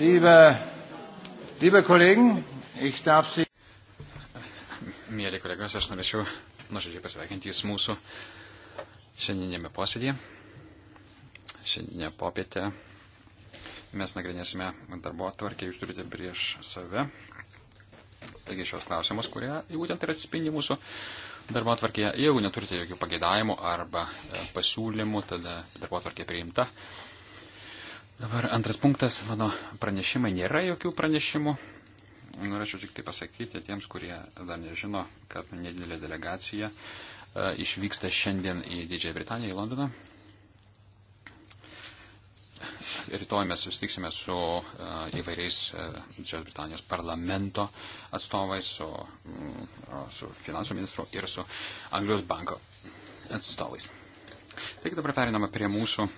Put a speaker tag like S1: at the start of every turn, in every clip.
S1: Liebe, liebe Kollegen, ich darf Sie.
S2: Mėly kolegos, aš norėčiau nuoširdžiai pasveikinti Jūs mūsų šiandienėme posėdėje. Šiandienę popietę mes nagrinėsime darbo atvarkę, Jūs turite prieš save. Taigi šios klausimus, kurie būtent ir atspindi mūsų darbo atvarkėje. Jeigu neturite jokių pageidavimų arba e, pasiūlymų, tada darbo atvarkė priimta. Dabar antras punktas, mano pranešimai nėra jokių pranešimų. Norėčiau tik tai pasakyti tiems, kurie dar nežino, kad nedidelė delegacija e, išvyksta šiandien į Didžiąją Britaniją, į Londoną. Rytoj mes susitiksime su e, įvairiais e, Didžiosios Britanijos parlamento atstovais, su, mm, su finansų ministru ir su Anglijos banko atstovais. Taigi dabar perinama prie mūsų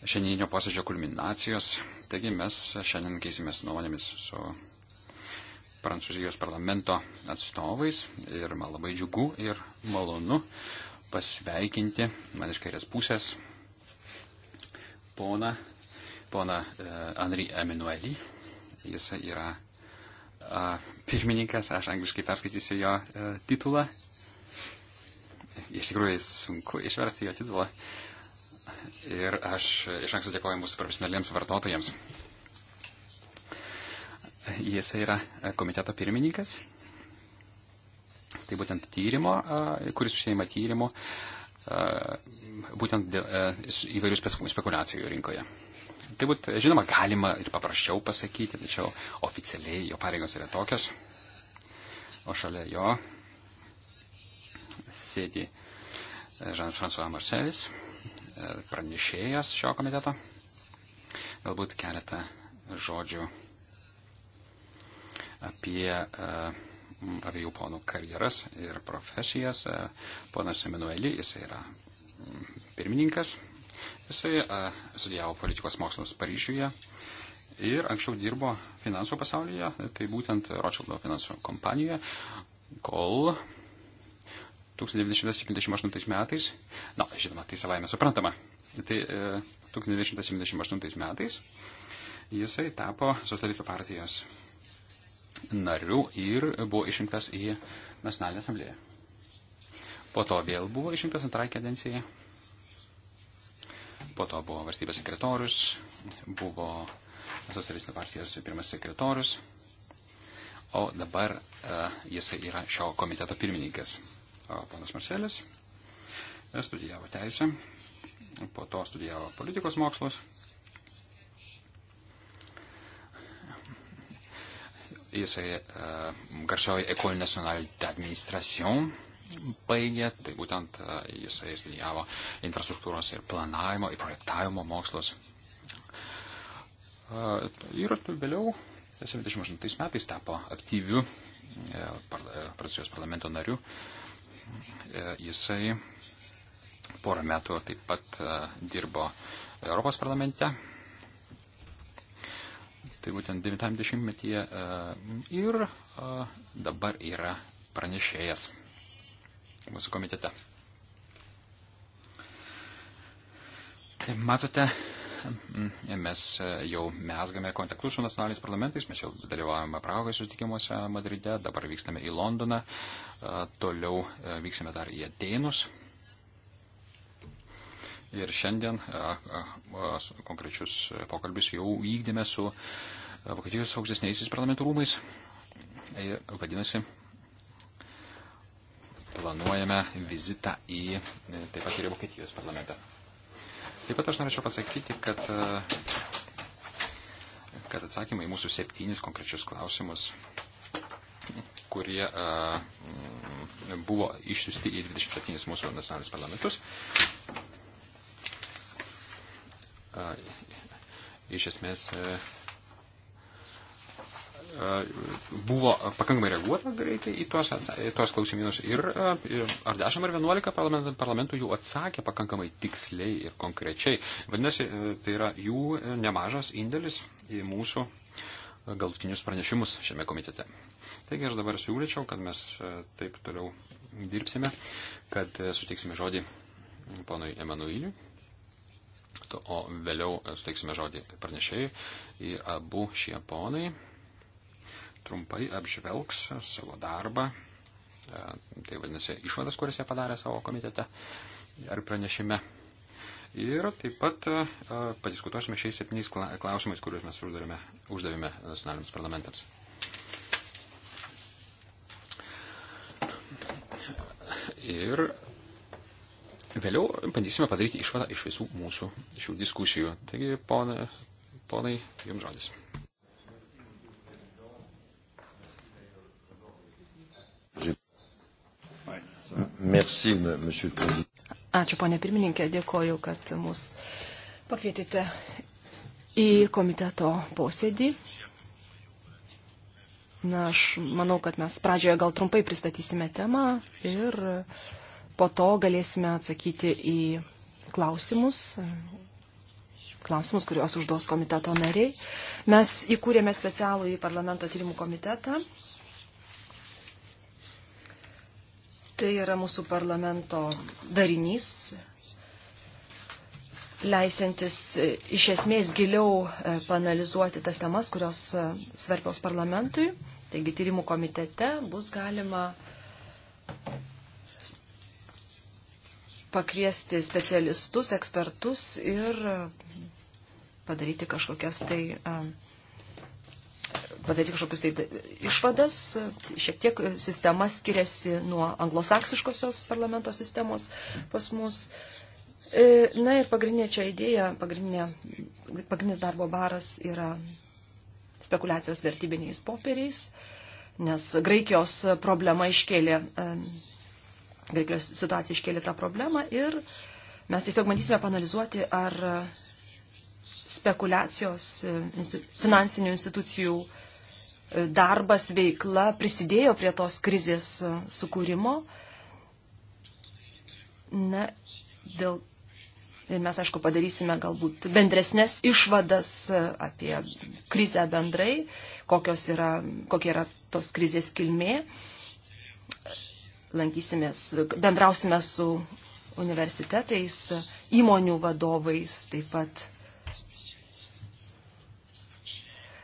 S2: šiandieninio posėdžio kulminacijos. Taigi mes šiandien keisimės nuomonėmis su Prancūzijos parlamento atstovais ir man labai džiugu ir malonu pasveikinti man iš kairės pusės poną, poną e, Henri Emanuelį. Jis yra e, pirmininkas, aš angliškai perskaitysiu jo e, titulą. Iš tikrųjų sunku išversti jo titulą. Uh, ir aš iš anksto dėkoju mūsų profesionaliems vartotojams. Jis yra komiteto pirmininkas. Tai būtent tyrimo, kuris užsieima tyrimo, būtent dėl įvairių spekulacijų rinkoje. Tai būt, žinoma, galima ir paprasčiau pasakyti, tačiau oficialiai jo pareigos yra tokios. O šalia jo sėdi Žanas François Marcelis pranešėjas šio komiteto. Galbūt keletą žodžių apie e, abiejų ponų karjeras ir profesijas. E, ponas Emanueli, jis yra mm, pirmininkas. Jisai e, studijavo politikos mokslus Paryžiuje ir anksčiau dirbo finansų pasaulyje, tai būtent Rothschildo finansų kompanijoje, kol 1978 metais, na, žinoma, tai savaime suprantama, tai e, 1978 metais jisai tapo socialistų partijos nariu ir buvo išrinktas į Nacionalinę asamblėją. Po to vėl buvo išrinktas antrąją kadenciją, po to buvo valstybės sekretorius, buvo socialistų partijos pirmas sekretorius, o dabar e, jisai yra šio komiteto pirmininkas. Ponas Marcelis studijavo teisę, po to studijavo politikos mokslus. Jisai uh, garsioji Ecole Nationale d'Administration baigė, tai būtent uh, jisai studijavo infrastruktūros ir planavimo, ir projektavimo mokslus. Uh, ir vėliau, 78 metais, tapo aktyviu Prancūzijos parlamento nariu. Uh, E, jisai porą metų taip pat e, dirbo Europos parlamente. Tai būtent 90-metyje e, ir dabar yra pranešėjas mūsų komitete. Tai matote, Mm, mes e, jau mesgame kontaktus su nacionaliniais parlamentais, mes jau dalyvavome Prahos susitikimuose Madride, dabar vykstame į Londoną, e, toliau e, vyksime dar į Atenus. Ir šiandien konkrečius pokalbius jau vykdėme su Vokietijos aukštesniaisiais parlamentų rūmais. Vadinasi, planuojame vizitą į taip pat ir į Vokietijos parlamentą. Taip pat aš norėčiau pasakyti, kad, e, kad atsakymai į mūsų septynis konkrečius klausimus, kurie a, e, buvo išsiusti į 27 mūsų nacionalinius parlamentus, a, e, iš esmės a, buvo pakankamai reaguota greitai į tuos, į tuos klausimynus ir e, ar 10 ar 11 parlamentų, parlamentų jų atsakė pakankamai tiksliai ir konkrečiai. Vadinasi, e, tai yra jų nemažas indėlis į mūsų galutinius pranešimus šiame komitete. Taigi aš dabar siūlyčiau, kad mes e, taip toliau dirbsime, kad suteiksime žodį ponui Emanuiliui o vėliau suteiksime žodį pranešėjai. Ir abu šie ponai trumpai apžvelgs savo darbą, e, tai vadinasi išvadas, kuris jie padarė savo komitete ar pranešime. Ir taip pat e, padiskutuosime šiais septyniais klausimais, kuriuos mes uždavėme, uždavėme nacionaliniams parlamentams. Ir vėliau bandysime padaryti išvadą iš visų mūsų šių diskusijų. Taigi, ponai, ponai jums žodis.
S3: Merci, monsieur Prezident.
S1: Ačiū, ponė pirmininkė, dėkoju, kad mus pakvietėte į komiteto posėdį. Na, aš manau, kad mes pradžioje gal trumpai pristatysime temą ir po to galėsime atsakyti į klausimus, klausimus, kuriuos užduos komiteto nariai. Mes įkūrėme specialų į parlamento tyrimų komitetą Tai yra mūsų parlamento darinys, leisintis e, iš esmės giliau e, panalizuoti tas temas, kurios e, svarbios parlamentui. Taigi tyrimų komitete bus galima pakviesti specialistus, ekspertus ir padaryti kažkokias tai uh, padaryti kažkokius tai išvadas. Šiek tiek sistema skiriasi nuo anglosaksiškosios parlamento sistemos pas mus. E, na ir pagrindinė čia idėja, pagrindinė, pagrindinis darbo baras yra spekulacijos vertybiniais popieriais, nes Graikijos problema iškėlė, e, Graikijos situacija iškėlė tą problemą ir mes tiesiog bandysime panalizuoti, ar spekulacijos e, finansinių institucijų darbas, veikla prisidėjo prie tos krizės sukūrimo. Na, dėl mes, aišku, padarysime galbūt bendresnės išvadas apie krizę bendrai, yra, kokia yra tos krizės kilmė. Lankysimės, bendrausime su universitetais, įmonių vadovais, taip pat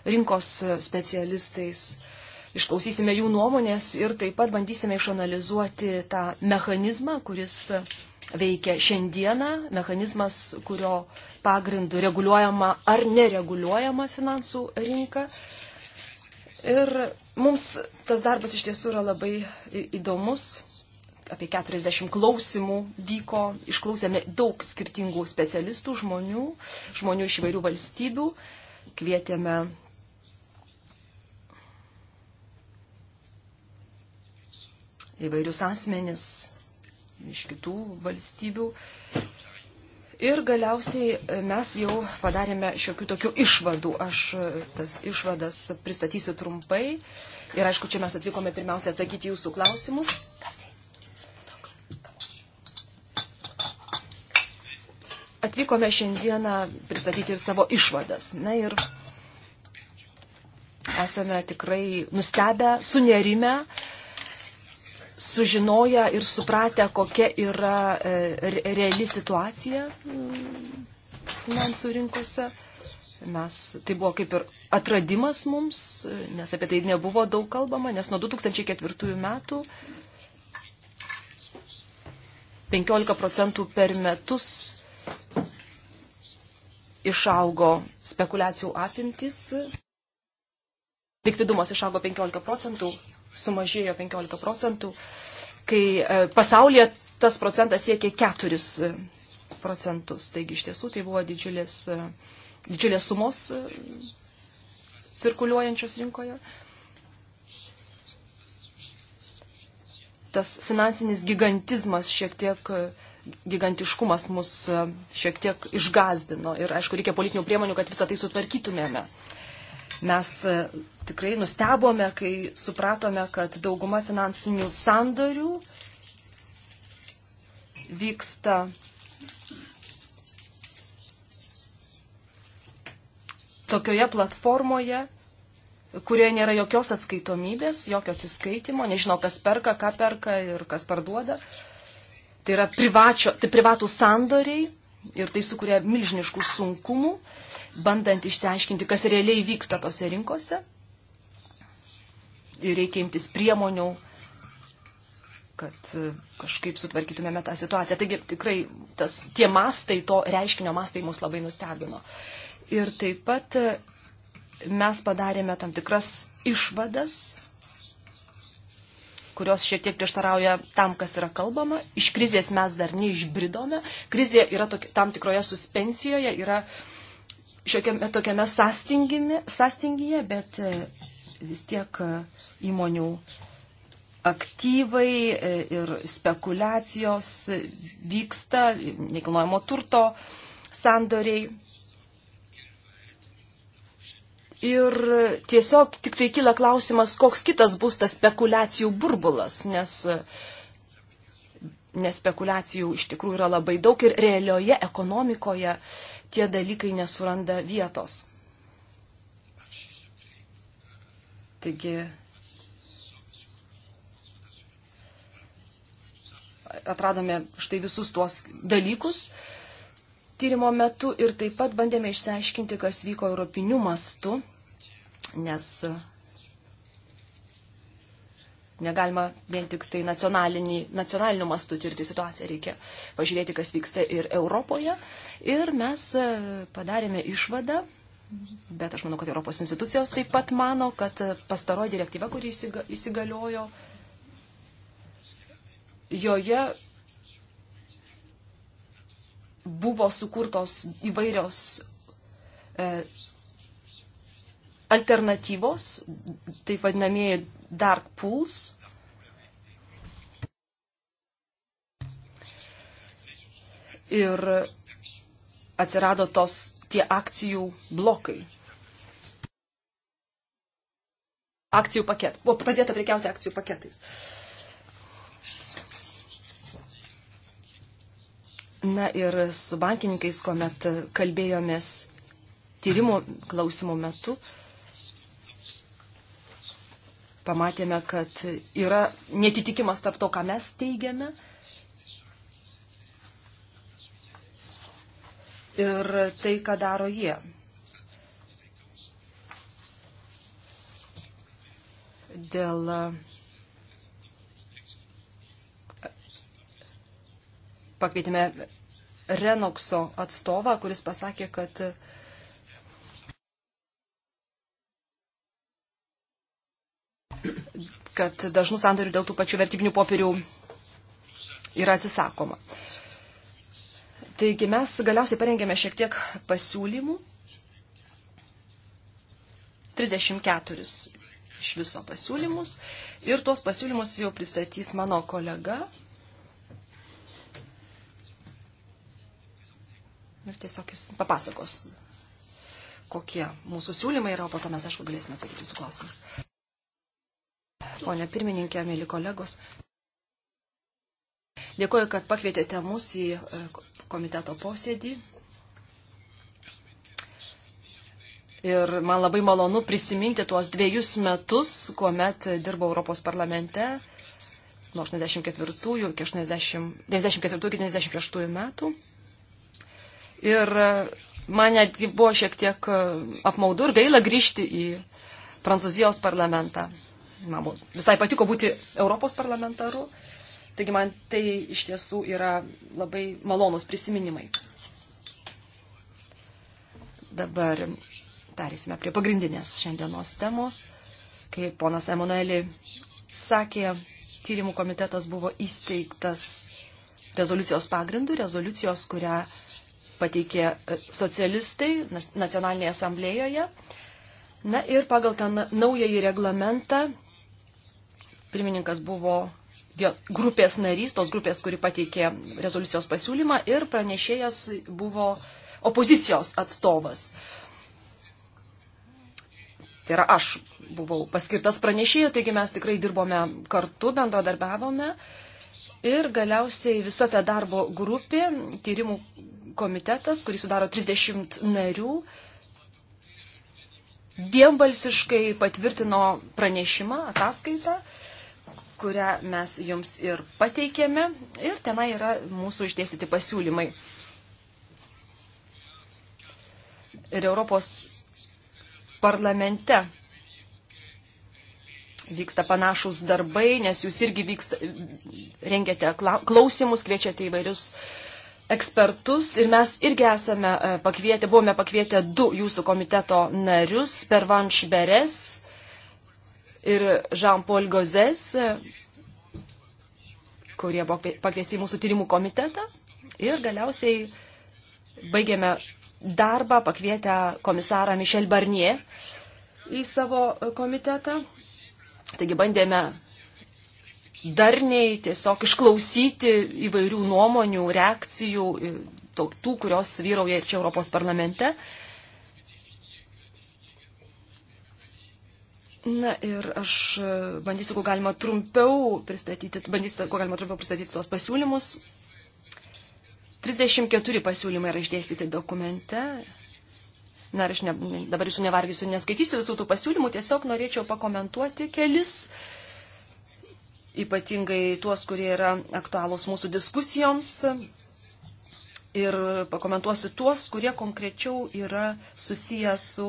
S1: rinkos specialistais, išklausysime jų nuomonės ir taip pat bandysime išanalizuoti tą mechanizmą, kuris veikia šiandieną, mechanizmas, kurio pagrindu reguliuojama ar nereguliuojama finansų rinka. Ir mums tas darbas iš tiesų yra labai įdomus, apie 40 klausimų vyko, išklausėme daug skirtingų specialistų, žmonių, žmonių iš įvairių valstybių, kvietėme įvairius asmenis iš kitų valstybių. Ir galiausiai e, mes jau padarėme šiokių tokių išvadų. Aš e, tas išvadas pristatysiu trumpai. Ir aišku, čia mes atvykome pirmiausia atsakyti jūsų klausimus. Atvykome šiandieną pristatyti ir savo išvadas. Na ir esame tikrai nustebę, sunerime, sužinoję ir supratę, kokia yra e, reali situacija mm, finansų rinkose. Mes, tai buvo kaip ir atradimas mums, nes apie tai nebuvo daug kalbama, nes nuo 2004 metų 15 procentų per metus išaugo spekulacijų apimtis, likvidumas išaugo 15 procentų, sumažėjo 15 procentų, kai e, pasaulyje tas procentas siekia 4 e, procentus. Taigi iš tiesų tai buvo didžiulės, e, didžiulės sumos cirkuliuojančios rinkoje. Tas finansinis gigantizmas šiek tiek gigantiškumas mus šiek tiek išgazdino ir, aišku, reikia politinių priemonių, kad visą tai sutvarkytumėme. Mes e, tikrai nustebome, kai supratome, kad dauguma finansinių sandorių vyksta tokioje platformoje, kurioje nėra jokios atskaitomybės, jokio atsiskaitimo, nežinau, kas perka, ką perka ir kas parduoda. Tai yra privačio, tai privatų sandoriai ir tai sukuria milžiniškų sunkumų bandant išsiaiškinti, kas realiai vyksta tose rinkose. Ir reikia imtis priemonių, kad e, kažkaip sutvarkytumėme tą situaciją. Taigi tikrai tas, tie mastai, to reiškinio mastai mus labai nustebino. Ir taip pat e, mes padarėme tam tikras išvadas, kurios šiek tiek prieštarauja tam, kas yra kalbama. Iš krizės mes dar neišbridome. Krizė yra tokia, tam tikroje suspensijoje, yra uh, šiokiame tokiame sąstingyje, bet e, vis tiek e, įmonių aktyvai e, ir spekulacijos vyksta, nekilnojamo turto sandoriai. Ir tiesiog tik tai kyla klausimas, koks kitas bus tas spekulacijų burbulas, nes nes spekulacijų iš tikrųjų yra labai daug ir realioje ekonomikoje tie dalykai nesuranda vietos. Taigi atradome štai visus tuos dalykus tyrimo metu ir taip pat bandėme išsiaiškinti, kas vyko europiniu mastu, nes Negalima vien tik tai nacionaliniu mastu tirti situaciją, reikia pažiūrėti, kas vyksta ir Europoje. Ir mes e, padarėme išvadą, bet aš manau, kad Europos institucijos taip pat mano, kad e, pastaroji direktyva, kuri įsigaliojo, joje buvo sukurtos įvairios e, alternatyvos, taip vadinamieji dark pools. Ir atsirado tos tie akcijų blokai. Akcijų paketai. Buvo pradėta prekiauti akcijų paketais. Na ir su bankininkais, kuomet kalbėjomės tyrimų klausimų metu, uh, pamatėme, kad yra netitikimas tarp to, ką mes teigiame. Ir tai, ką daro jie. Dėl pakvietėme Renokso atstovą, kuris pasakė, kad uh, kad dažnų sandorių dėl tų pačių vertybinių popierių yra atsisakoma. Taigi mes galiausiai parengėme šiek tiek pasiūlymų. 34 iš viso pasiūlymus. Ir tuos pasiūlymus jau pristatys mano kolega. Ir tiesiog jis papasakos, kokie mūsų siūlymai yra, o po to mes, aišku, galėsime atsakyti jūsų klausimus ponė pirmininkė, mėly kolegos. Dėkuoju, kad pakvietėte mus į e, komiteto posėdį. Ir man labai malonu prisiminti tuos dviejus metus, kuomet dirbau Europos parlamente, nuo 84 iki 94-96 metų. Ir man netgi buvo šiek tiek e, apmaudu ir gaila grįžti į Prancūzijos parlamentą
S3: man visai
S1: patiko būti Europos parlamentaru. Taigi man tai iš tiesų yra labai malonus prisiminimai. Dabar perėsime prie pagrindinės šiandienos temos. Kaip ponas Emanueli sakė, tyrimų komitetas buvo įsteigtas rezoliucijos pagrindų, rezoliucijos, kurią pateikė e, socialistai nacionalinėje asamblėjoje. Na ir pagal tą naująjį reglamentą pirmininkas buvo grupės narys, tos grupės, kuri pateikė rezoliucijos pasiūlymą ir pranešėjas buvo opozicijos atstovas. Tai yra aš buvau paskirtas pranešėjų, taigi mes tikrai dirbome kartu, bendradarbiavome ir galiausiai visa ta darbo grupė, tyrimų komitetas, kurį sudaro 30 narių, vienbalsiškai patvirtino pranešimą, ataskaitą kurią mes jums ir pateikėme. Ir tenai yra mūsų išdėstyti pasiūlymai. Ir Europos parlamente vyksta panašus darbai, nes jūs irgi vyksta, rengiate klausimus, kviečiate įvairius ekspertus ir mes irgi esame e, pakvietę, buvome pakvietę du jūsų komiteto narius, Pervanš Beres ir Jean-Paul Gozes, kurie buvo pakviesti į mūsų tyrimų komitetą. Ir galiausiai baigėme darbą pakvietę komisarą Michel Barnier į savo komitetą. Taigi bandėme darniai tiesiog išklausyti įvairių nuomonių, reakcijų, tų, kurios vyrauja ir čia Europos parlamente. Uh, Na ir aš bandysiu, kuo galima trumpiau pristatyti, bandysiu, kuo galima trumpiau pristatyti tuos pasiūlymus. 34 pasiūlymai yra išdėstyti dokumente. Na ir aš ne, dabar jūsų nevargysiu, neskaitysiu visų tų pasiūlymų, tiesiog norėčiau pakomentuoti kelis, ypatingai tuos, kurie yra aktualūs mūsų diskusijoms. Ir pakomentuosiu tuos, kurie konkrečiau yra susiję su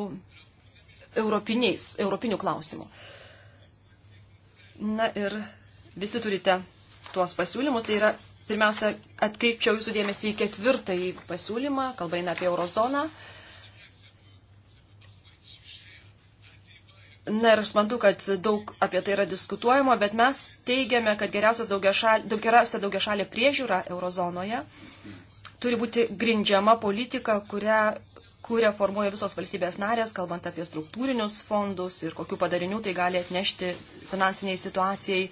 S1: europinių klausimų. Na ir visi turite tuos pasiūlymus. Tai yra, pirmiausia, atkreipčiau jūsų dėmesį į ketvirtąjį pasiūlymą, kalba eina apie eurozoną. Na ir aš mantu, kad daug apie tai yra diskutuojama, bet mes teigiame, kad daugia šal, geriausia daugia šalė priežiūra eurozonoje turi būti grindžiama politika, kurią kuria formuoja visos valstybės narės, kalbant apie struktūrinius fondus ir kokių padarinių tai gali atnešti finansiniai situacijai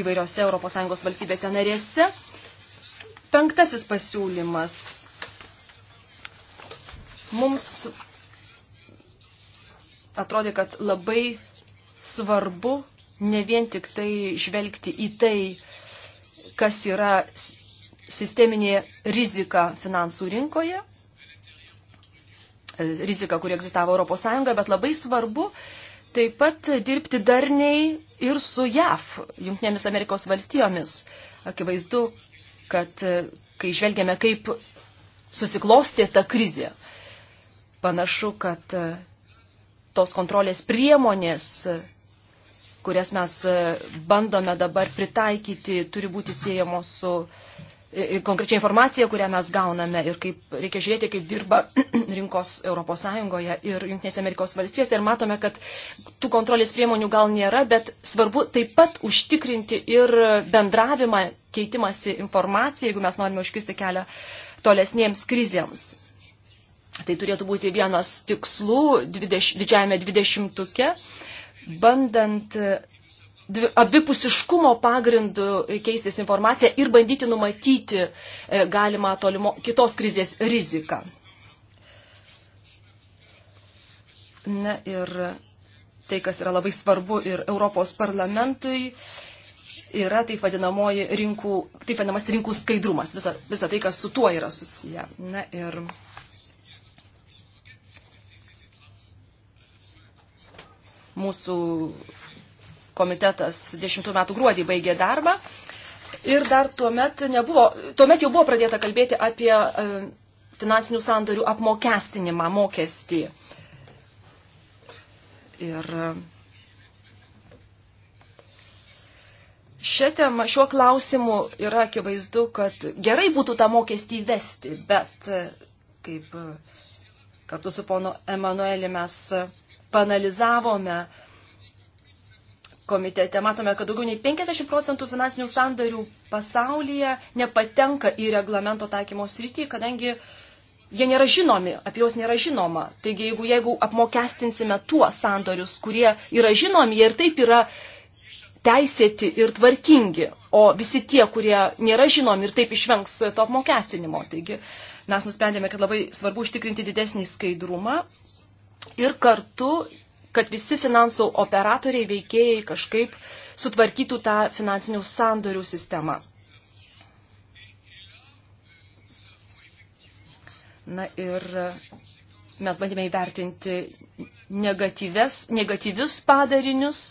S1: įvairiose ES valstybėse narėse. Penktasis pasiūlymas. Mums atrodė, kad labai svarbu ne vien tik tai žvelgti į tai, kas yra sisteminė rizika finansų rinkoje, rizika, kuri egzistavo ES, bet labai svarbu taip pat dirbti darniai ir su JAF, Junktinėmis Amerikos valstijomis. Akivaizdu, kad e, kai žvelgiame, kaip susiklostė ta krizė, panašu, kad e, tos kontrolės priemonės, e, kurias mes bandome dabar pritaikyti, turi būti siejamos su konkrečią informaciją, kurią mes gauname ir kaip reikia žiūrėti, kaip dirba rinkos ES ir JAV. Ir matome, kad tų kontrolės priemonių gal nėra, bet svarbu taip pat užtikrinti ir bendravimą, keitimąsi informaciją, jeigu mes norime užkisti kelią tolesniems krizėms. Tai turėtų būti vienas tikslų 20, didžiajame dvidešimtuke, bandant abipusiškumo pagrindu keistis informaciją ir bandyti numatyti e, galimą tolimo, kitos krizės riziką. Na ir tai, kas yra labai svarbu ir Europos parlamentui, yra taip vadinamoji rinkų, taip vadinamas rinkų skaidrumas, visa, visa tai, kas su tuo yra susiję. Na ir mūsų komitetas 10 metų gruodį baigė darbą. Ir dar tuomet nebuvo, tuomet jau buvo pradėta kalbėti apie e, finansinių sandorių apmokestinimą, mokestį. Ir e, šią temą, šiuo klausimu yra akivaizdu, kad gerai būtų tą mokestį įvesti, bet e, kaip kartu su pono Emanueliu mes panalizavome, komitete matome, kad daugiau nei 50 procentų finansinių sandarių pasaulyje nepatenka į reglamento taikymo sritį, kadangi jie nėra žinomi, apie juos nėra žinoma. Taigi, jeigu, jeigu apmokestinsime tuos sandorius, kurie yra žinomi, jie ir taip yra teisėti ir tvarkingi, o visi tie, kurie nėra žinomi ir taip išvengs to apmokestinimo. Taigi, mes nusprendėme, kad labai svarbu užtikrinti didesnį skaidrumą ir kartu kad visi finansų operatoriai veikėjai kažkaip sutvarkytų tą finansinių sandorių sistemą. Na ir mes bandėme įvertinti negatyvius padarinius,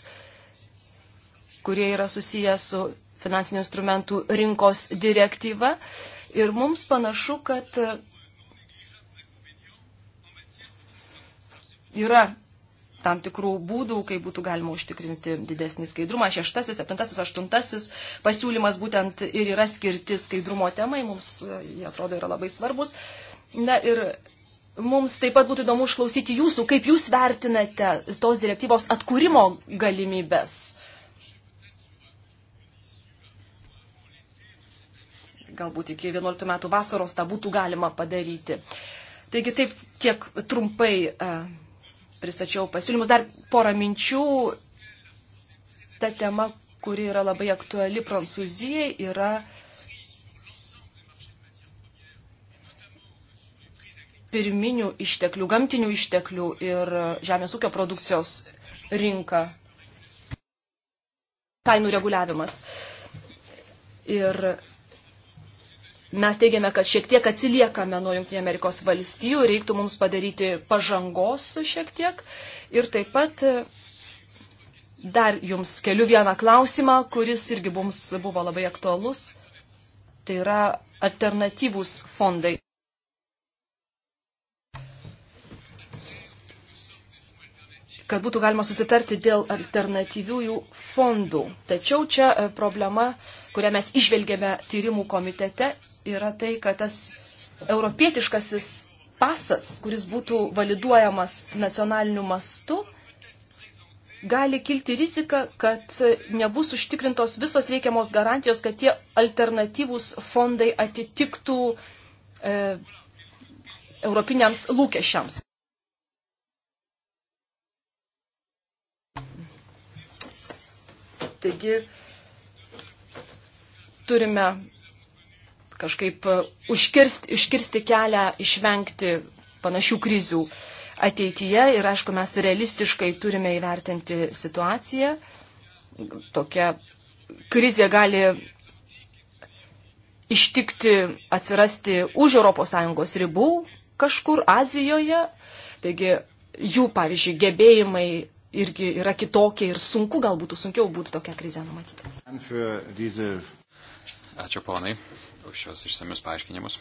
S1: kurie yra susiję su finansinių instrumentų rinkos direktyva. Ir mums panašu, kad yra tam tikrų būdų, kaip būtų galima užtikrinti didesnį skaidrumą. Šeštasis, septintasis, aštuntasis pasiūlymas būtent ir yra skirti skaidrumo temai, mums e, jie atrodo yra labai svarbus. Na ir mums taip pat būtų įdomu išklausyti jūsų, kaip jūs vertinate tos direktyvos atkūrimo galimybės. Galbūt iki 11 metų vasaros tą būtų galima padaryti. Taigi taip tiek trumpai. Uh, pristačiau pasiūlymus. Dar porą minčių. Ta tema, kuri yra labai aktuali Prancūzijai, yra pirminių išteklių, gamtinių išteklių ir žemės ūkio produkcijos rinka. Kainų reguliavimas. Ir mes teigiame, kad šiek tiek atsiliekame nuo Junktinio Amerikos valstijų, reiktų mums padaryti pažangos šiek tiek. Ir taip pat e, dar jums keliu vieną klausimą, kuris irgi mums buvo labai aktualus. Tai yra alternatyvūs fondai. kad būtų galima susitarti dėl alternatyviųjų fondų. Tačiau čia e, problema, kurią mes išvelgėme tyrimų komitete, yra tai, kad tas europietiškasis pasas, kuris būtų validuojamas nacionaliniu mastu, gali kilti rizika, kad nebus užtikrintos visos reikiamos garantijos, kad tie alternatyvūs fondai atitiktų e, europiniams lūkesčiams. Taigi turime kažkaip e, užkirsti, užkirsti kelią, išvengti panašių krizių ateityje. Ir aišku, mes realistiškai turime įvertinti situaciją. Tokia krizė gali ištikti, atsirasti už ES ribų kažkur Azijoje. Taigi jų, pavyzdžiui, gebėjimai irgi yra kitokie ir sunku, galbūt sunkiau būtų tokią krizę numatyti.
S2: Ačiū ponai už šios išsamius paaiškinimus.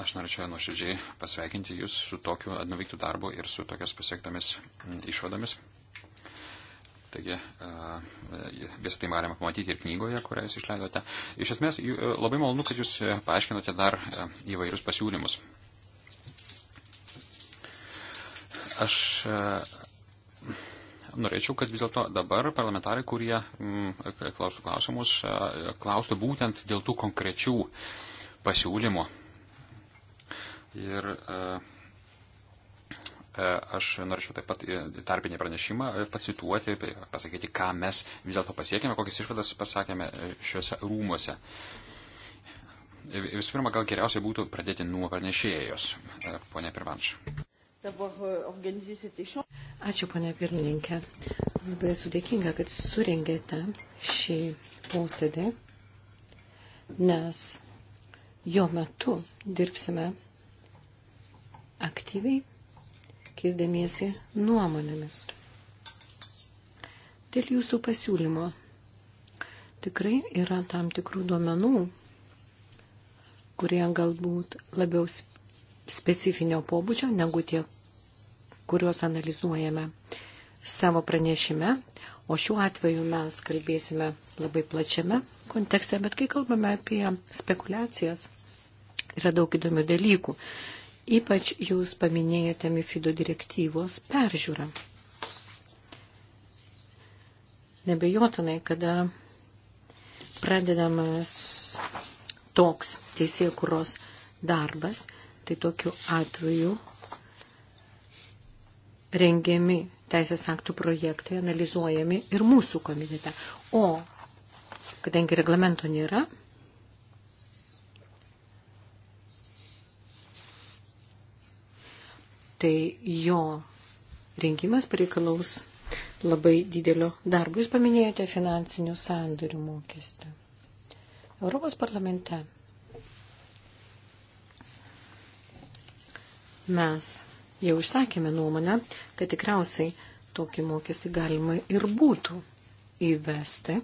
S2: Aš norėčiau nuoširdžiai pasveikinti Jūs su tokiu nuveiktų darbu ir su tokias pasiektomis išvadomis. Taigi e, visą tai galima pamatyti ir knygoje, kurią Jūs išleidote. Iš esmės, e, labai malonu, kad Jūs e, paaiškinote dar įvairius pasiūlymus. Aš norėčiau, kad vis dėlto dabar parlamentarai, kurie m, mm, klaustų klausimus, e, klaustų būtent dėl tų konkrečių pasiūlymų. Ir a, e, e, aš norėčiau taip pat tarpinį pranešimą pacituoti, pasakyti, ką mes vis dėlto pasiekėme, kokias išvadas pasakėme šiuose rūmuose. Visų pirma, gal geriausiai būtų pradėti nuo pranešėjos, ponia Pirvanš.
S1: Euh,
S3: Ačiū, ponia pirmininkė. Labai esu dėkinga, kad surengėte šį posėdį, nes jo metu dirbsime aktyviai, keisdamiesi nuomonėmis. Dėl jūsų pasiūlymo tikrai yra tam tikrų duomenų, kurie galbūt labiau specifinio pobūdžio negu tie, kuriuos analizuojame savo pranešime, o šiuo atveju mes kalbėsime labai plačiame kontekste, bet kai kalbame apie spekulacijas, yra daug įdomių dalykų. Ypač jūs paminėjote Mifido direktyvos peržiūrą. Nebejotinai, kada pradedamas toks teisėkuros darbas, tai tokiu atveju rengiami teisės aktų projektai, analizuojami ir mūsų komitete. O kadangi reglamento nėra, tai jo rengimas pareikalaus labai didelio darbo. Jūs paminėjote finansinių sandorių mokestį. Europos parlamente mes jau išsakėme nuomonę, kad tikriausiai tokį mokestį galima ir būtų įvesti,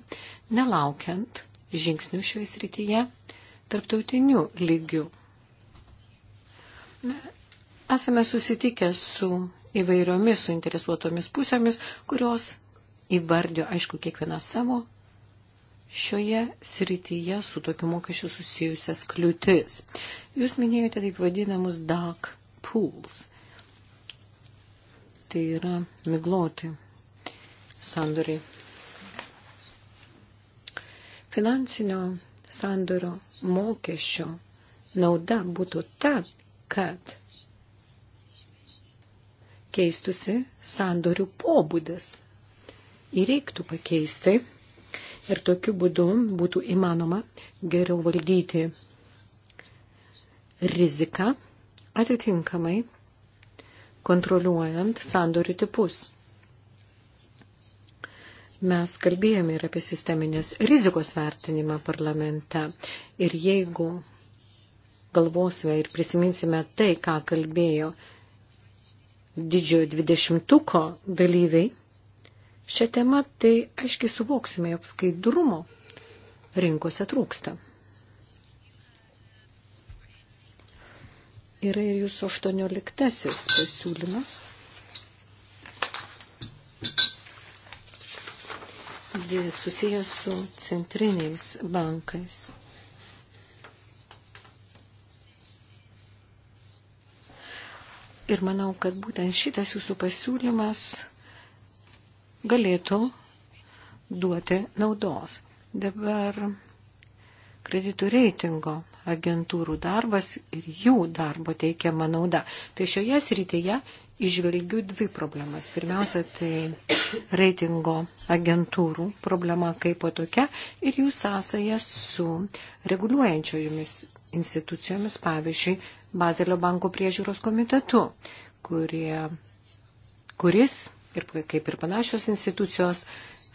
S3: nelaukiant žingsnių šioje srityje tarptautiniu lygiu. Esame susitikę su įvairiomis suinteresuotomis pusėmis, kurios įvardė, aišku, kiekvieną savo šioje srityje su tokiu mokesčiu susijusias kliūtis. Jūs minėjote taip vadinamus DAC pools. Tai yra migloti sandoriai. Finansinio sandorio mokesčio nauda būtų ta, kad keistusi sandorių pobūdis. Įreiktų pakeisti ir tokiu būdu būtų įmanoma geriau valdyti riziką atitinkamai kontroliuojant sandorių tipus. Mes kalbėjome ir apie sisteminės rizikos vertinimą parlamente. Ir jeigu galvosime ir prisiminsime tai, ką kalbėjo didžiojo dvidešimtuko dalyviai, šią temą tai aiškiai suvoksime, jog skaidrumo rinkose trūksta. yra ir jūsų 18 pasiūlymas susijęs su centriniais bankais. Ir manau, kad būtent šitas jūsų pasiūlymas galėtų duoti naudos. Dabar kreditų reitingo agentūrų darbas ir jų darbo teikiama nauda. Tai šioje srityje išvelgiu dvi problemas. Pirmiausia, tai reitingo agentūrų problema kaip po tokia ir jų sąsaja su reguliuojančiojomis institucijomis, pavyzdžiui, Bazelio banko priežiūros komitetu, kurie, kuris ir kaip ir panašios institucijos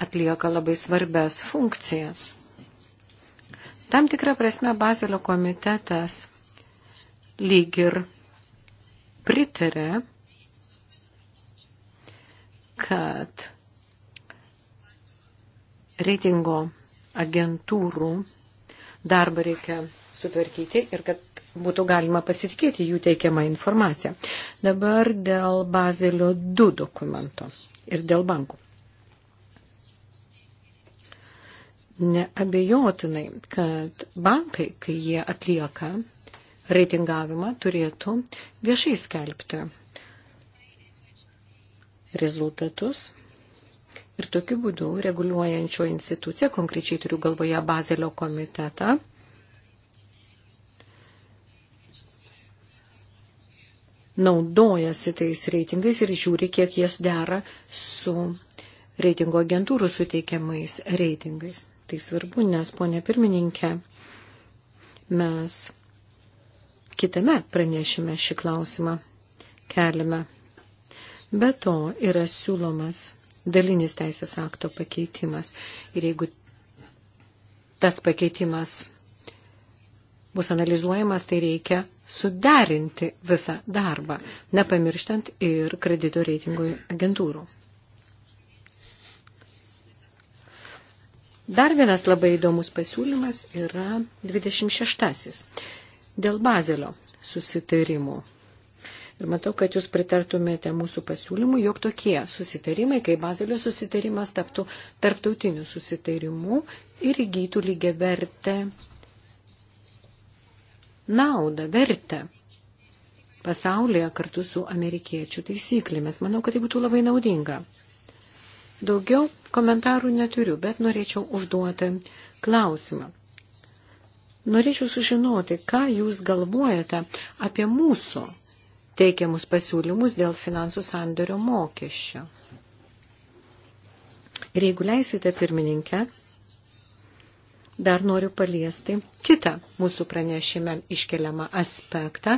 S3: atlieka labai svarbias funkcijas. Tam tikrą prasme Bazelio komitetas lyg ir pritarė, kad reitingo agentūrų darbą reikia sutvarkyti ir kad būtų galima pasitikėti jų teikiamą informaciją. Dabar dėl Bazelio 2 dokumento ir dėl bankų. neabejotinai, kad bankai, kai jie atlieka reitingavimą, turėtų viešai skelbti rezultatus. Ir tokiu būdu reguliuojančio institucija, konkrečiai turiu galvoje Bazelio komitetą, naudojasi tais reitingais ir žiūri, kiek jas dera su reitingo agentūrų suteikiamais reitingais. Tai svarbu, nes, ponė pirmininkė, mes kitame pranešime šį klausimą keliame. Be to yra siūlomas dalinis teisės akto pakeitimas. Ir jeigu tas pakeitimas bus analizuojamas, tai reikia suderinti visą darbą, nepamirštant ir kredito reitingų agentūrų. Dar vienas labai įdomus pasiūlymas yra 26. Dėl bazelio susitarimų. Ir matau, kad jūs pritartumėte mūsų pasiūlymų, jog tokie susitarimai, kai bazelio susitarimas taptų tarptautiniu susitarimu ir įgytų lygiai vertę naudą, vertę pasaulyje kartu su amerikiečių taisyklėmis. Manau, kad tai būtų labai naudinga. Daugiau komentarų neturiu, bet norėčiau užduoti klausimą. Norėčiau sužinoti, ką jūs galvojate apie mūsų teikiamus pasiūlymus dėl finansų sandorio mokesčio. Ir jeigu leisite pirmininkę, dar noriu paliesti kitą mūsų pranešime iškeliamą aspektą,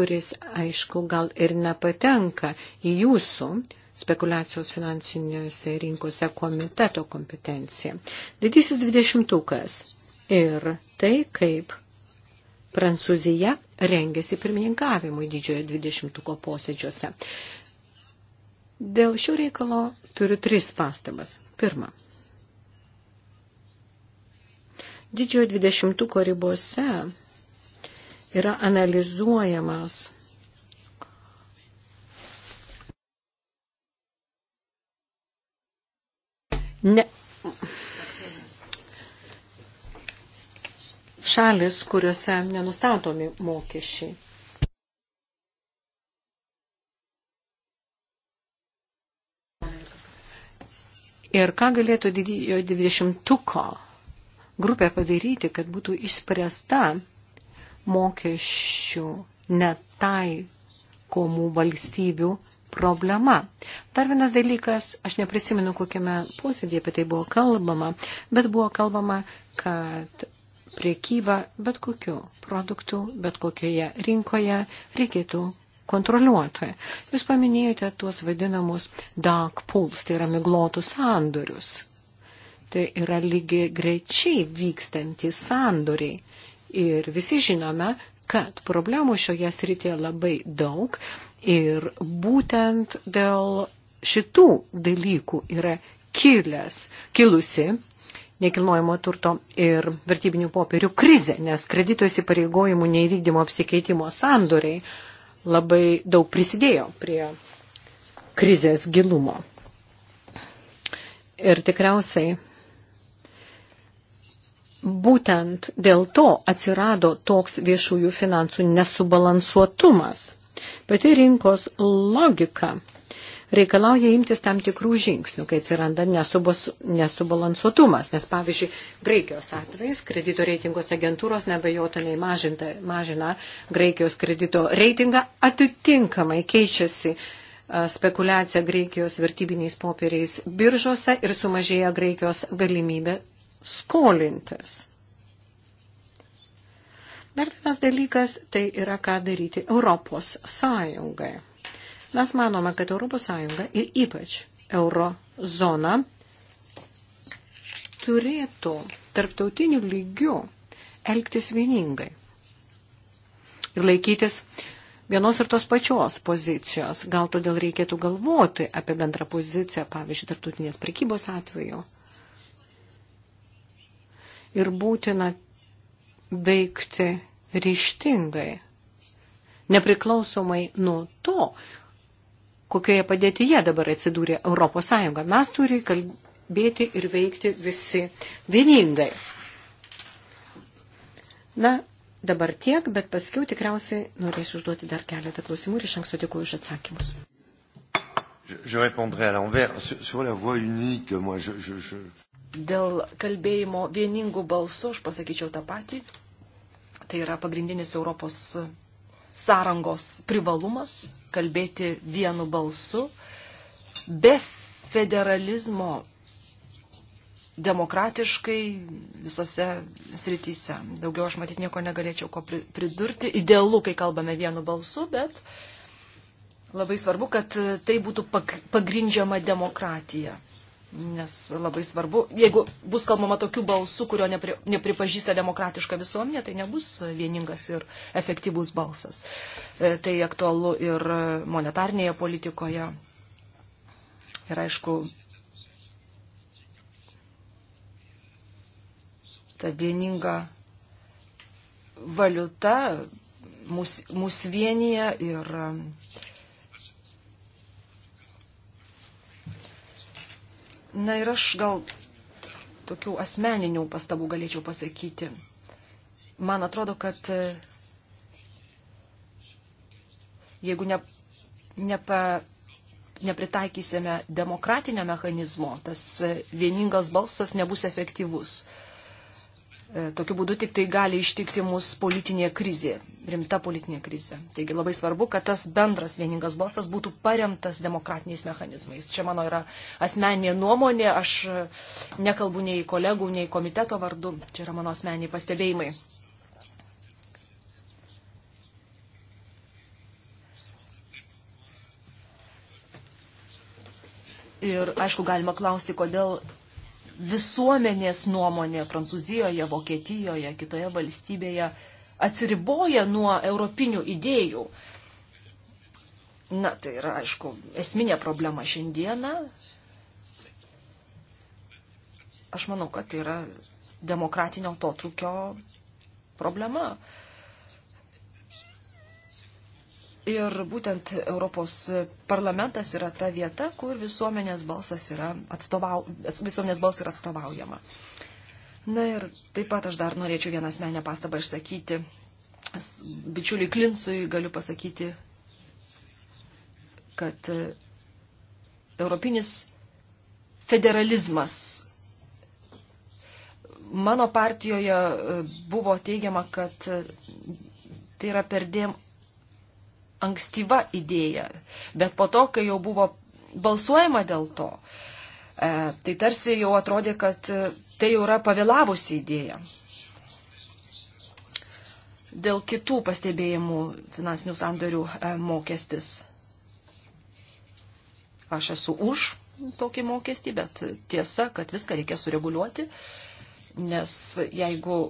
S3: kuris, aišku, gal ir nepatenka į jūsų spekulacijos finansiniuose rinkose komiteto kompetencija. Didysis dvidešimtukas ir tai, kaip Prancūzija rengiasi pirmininkavimui didžiojo dvidešimtuko posėdžiuose. Dėl šio reikalo turiu tris pastabas. Pirma. Didžiojo dvidešimtuko ribose yra analizuojamas Ne... Šalis, kuriuose nenustatomi mokesčiai. Ir ką galėtų didėjo dvidešimtuko grupė padaryti, kad būtų išspręsta mokesčių netaikomų valstybių problema. Dar vienas dalykas, aš neprisimenu, kokiame posėdėje apie tai buvo kalbama, bet buvo kalbama, kad priekyba bet kokiu produktu, bet kokioje rinkoje reikėtų kontroliuoti. Jūs paminėjote tuos vadinamus dark pools, tai yra miglotus sandorius. Tai yra lygi greičiai vykstantys sandoriai. Ir visi žinome, kad problemų šioje srityje labai daug ir būtent dėl šitų dalykų yra kilęs, kilusi nekilnojamo turto ir vertybinių popierių krizė, nes kredito įsipareigojimų neįvykdymo apsikeitimo sandoriai labai daug prisidėjo prie krizės gilumo. Ir tikriausiai būtent dėl to atsirado toks viešųjų finansų nesubalansuotumas. Pati rinkos logika reikalauja imtis tam tikrų žingsnių, kai atsiranda nesubos, nesubalansuotumas. Nes, pavyzdžiui, Graikijos atvejais kredito reitingos agentūros nebejotinai mažinta, mažina Graikijos kredito reitingą, atitinkamai keičiasi spekulacija Graikijos vertybiniais popieriais biržose ir sumažėja Graikijos galimybė skolintis. Dar vienas dalykas tai yra, ką daryti Europos Sąjungai. Mes manome, kad Europos Sąjunga ir ypač eurozona turėtų tarptautinių lygių elgtis vieningai ir laikytis vienos ir tos pačios pozicijos. Gal todėl reikėtų galvoti apie bendrą poziciją, pavyzdžiui, tarptautinės prekybos atveju ir būtina veikti ryštingai, nepriklausomai nuo to, kokioje padėtyje dabar atsidūrė Europos Sąjunga. Mes turi kalbėti ir veikti visi vieningai. Na, dabar tiek, bet paskiau tikriausiai norėsiu užduoti dar keletą klausimų ir iš anksto dėkuoju už atsakymus. Je, je répondrai à l'envers. Sur, sur la voie unique, moi, je, je, je dėl kalbėjimo
S1: vieningų balsų, aš pasakyčiau tą patį. Tai yra pagrindinis Europos sąrangos privalumas - kalbėti vienu balsu. Be federalizmo demokratiškai visose srityse. Daugiau aš matyt nieko negalėčiau ko pridurti. Idealu, kai kalbame vienu balsu, bet labai svarbu, kad tai būtų pagrindžiama demokratija. Nes labai svarbu, jeigu bus kalbama tokių balsų, kurio nepri, nepripažįsta demokratiška visuomenė, tai nebus vieningas ir efektyvus balsas. E, tai aktualu ir monetarnėje politikoje. Ir aišku, ta vieninga valiuta mus, mus vienyje ir Na ir aš gal tokių asmeninių pastabų galėčiau pasakyti. Man atrodo, kad e, jeigu ne, nepa, nepritaikysime demokratinio mechanizmo, tas e, vieningas balsas nebus efektyvus. E, tokiu būdu tik tai gali ištikti mus politinė krizė, rimta politinė krizė. Taigi labai svarbu, kad tas bendras vieningas balsas būtų paremtas demokratiniais mechanizmais. Čia mano yra asmeninė nuomonė, aš nekalbu nei kolegų, nei komiteto vardu, čia yra mano asmeniniai pastebėjimai. Ir aišku, galima klausti, kodėl visuomenės nuomonė Prancūzijoje, Vokietijoje, kitoje valstybėje atsiriboja nuo europinių idėjų. Na, tai yra, aišku, esminė problema šiandieną. Aš manau, kad tai yra demokratinio totrukio problema. Uh, Ir būtent Europos parlamentas yra ta vieta, kur visuomenės balsas yra, atstovau, visuomenės balsas yra atstovaujama. Na ir taip pat aš dar norėčiau vieną asmenę pastabą išsakyti. Bičiuliui Klinsui galiu pasakyti, kad e, europinis federalizmas mano partijoje e, buvo teigiama, kad e, tai yra perdėm ankstyva idėja, bet po to, kai jau buvo balsuojama dėl to, e, tai tarsi jau atrodė, kad e, tai jau yra pavėlavusi idėja. Dėl kitų pastebėjimų finansinių sandorių e, mokestis. Aš esu už tokį mokestį, bet tiesa, kad viską reikia sureguliuoti, nes jeigu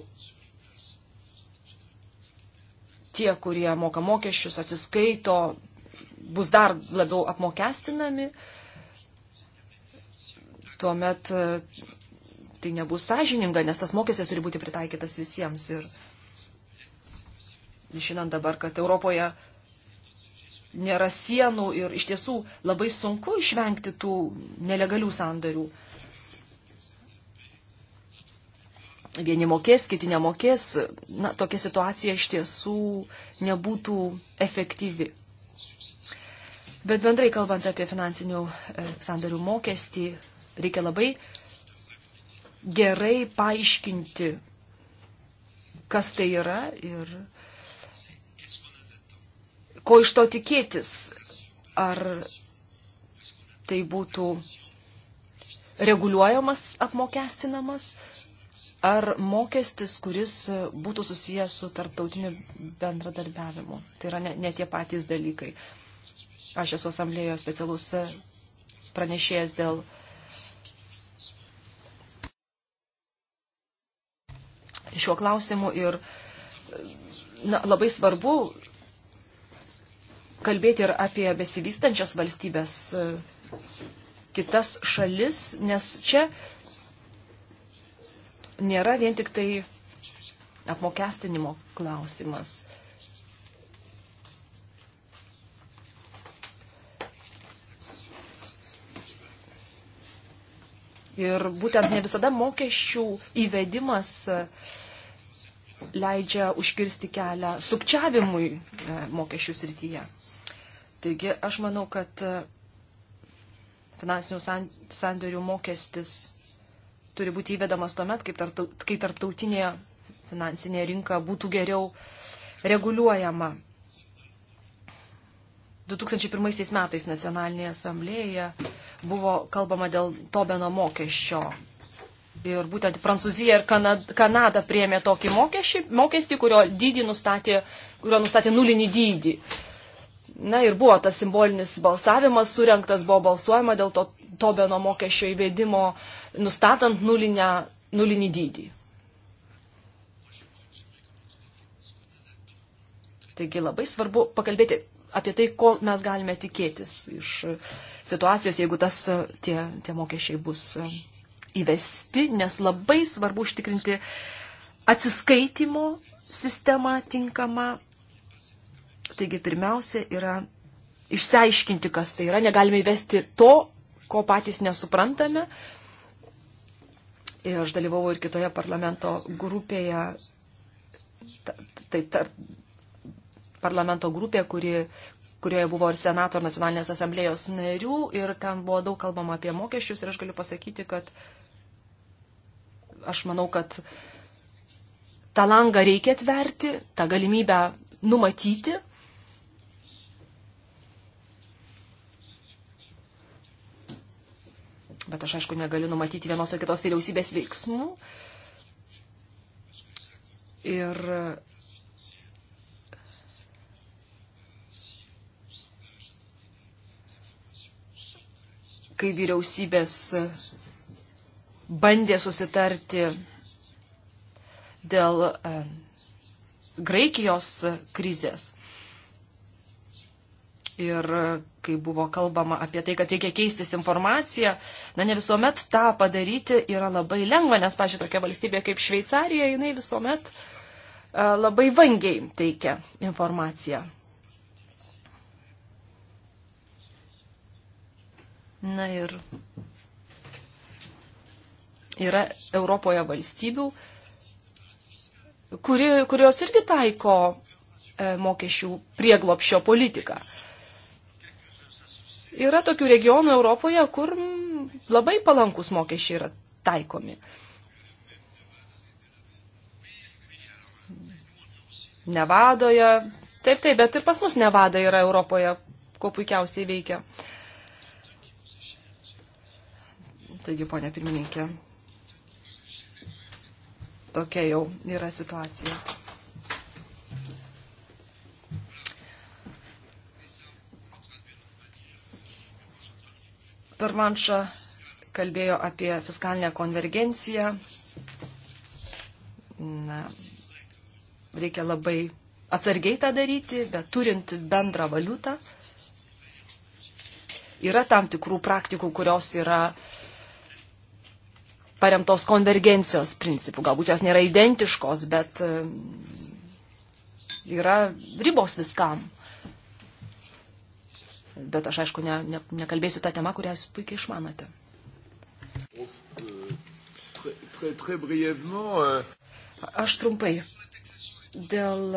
S1: tie, kurie moka mokesčius, atsiskaito, bus dar labiau apmokestinami, tuomet e, tai nebus sąžininga, nes tas mokestis turi būti pritaikytas visiems. Ir žinant dabar, kad Europoje nėra sienų ir iš tiesų labai sunku išvengti tų nelegalių sandarių. vieni mokės, kiti nemokės, na, tokia situacija iš tiesų nebūtų efektyvi. Bet bendrai kalbant apie finansinių e, sandarių mokestį, reikia labai gerai paaiškinti, kas tai yra ir ko iš to tikėtis. Ar tai būtų reguliuojamas apmokestinamas ar mokestis, kuris e, būtų susijęs su tarptautiniu bendradarbiavimu. Tai yra ne, ne tie patys dalykai. Aš esu asamblėjoje specialus e, pranešėjas dėl šiuo klausimu ir e, na, labai svarbu kalbėti ir apie besivystančias valstybės kitas šalis, nes čia nėra vien tik tai apmokestinimo klausimas. Ir būtent ne visada mokesčių įvedimas e, leidžia užkirsti kelią sukčiavimui e, mokesčių srityje. Taigi aš manau, kad e, finansinių sandorių mokestis turi būti įvedamas tuomet, kai tarptautinė finansinė rinka būtų geriau reguliuojama. 2001 metais Nacionalinėje asamblėje buvo kalbama dėl Tobeno mokesčio. Ir būtent Prancūzija ir Kanada, Kanada priemė tokį mokesčį, mokestį, kurio, nustatė, kurio nustatė nulinį dydį. Uh, Na ir buvo tas simbolinis balsavimas surinktas, buvo balsuojama dėl to, to beno mokesčio įvedimo, nustatant nulinę, nulinį dydį. Taigi labai svarbu pakalbėti apie tai, ko mes galime tikėtis iš situacijos, jeigu tas, tie, tie mokesčiai bus įvesti, nes labai svarbu užtikrinti atsiskaitimo sistemą tinkamą Taigi pirmiausia yra išsiaiškinti, kas tai yra. Negalime įvesti to, ko patys nesuprantame. Ir aš dalyvau ir kitoje parlamento grupėje, tai tar, parlamento grupė, kuri, kurioje buvo ir Senato, ir Nacionalinės asamblėjos narių, ir ten buvo daug kalbama apie mokesčius, ir aš galiu pasakyti, kad aš manau, kad tą langą reikia atverti, tą galimybę numatyti, bet aš aišku negaliu numatyti vienos ar kitos vyriausybės veiksmų. Ir kai vyriausybės bandė susitarti dėl e, Graikijos krizės, Ir kai buvo kalbama apie tai, kad reikia keistis informaciją, na ne visuomet tą padaryti yra labai lengva, nes, pažiūrėjau, tokia valstybė kaip Šveicarija, jinai visuomet e, labai vangiai teikia informaciją. Na ir yra Europoje valstybių, kuri, kurios irgi taiko e, mokesčių prieglopšio politiką. Yra tokių regionų Europoje, kur labai palankus mokesčiai yra taikomi. Nevadoje. Taip, taip, bet ir pas mus Nevada yra Europoje, ko puikiausiai veikia. Taigi, ponė pirmininkė, tokia jau yra situacija. Permanša kalbėjo apie fiskalinę konvergenciją. Na, reikia labai atsargiai tą daryti, bet turint bendrą valiutą, yra tam tikrų praktikų, kurios yra paremtos konvergencijos principų. Galbūt jos nėra identiškos, bet e, yra ribos viskam bet aš aišku ne, ne, nekalbėsiu tą temą, kurią jūs puikiai išmanote.
S3: Euh,
S1: aš trumpai. Dėl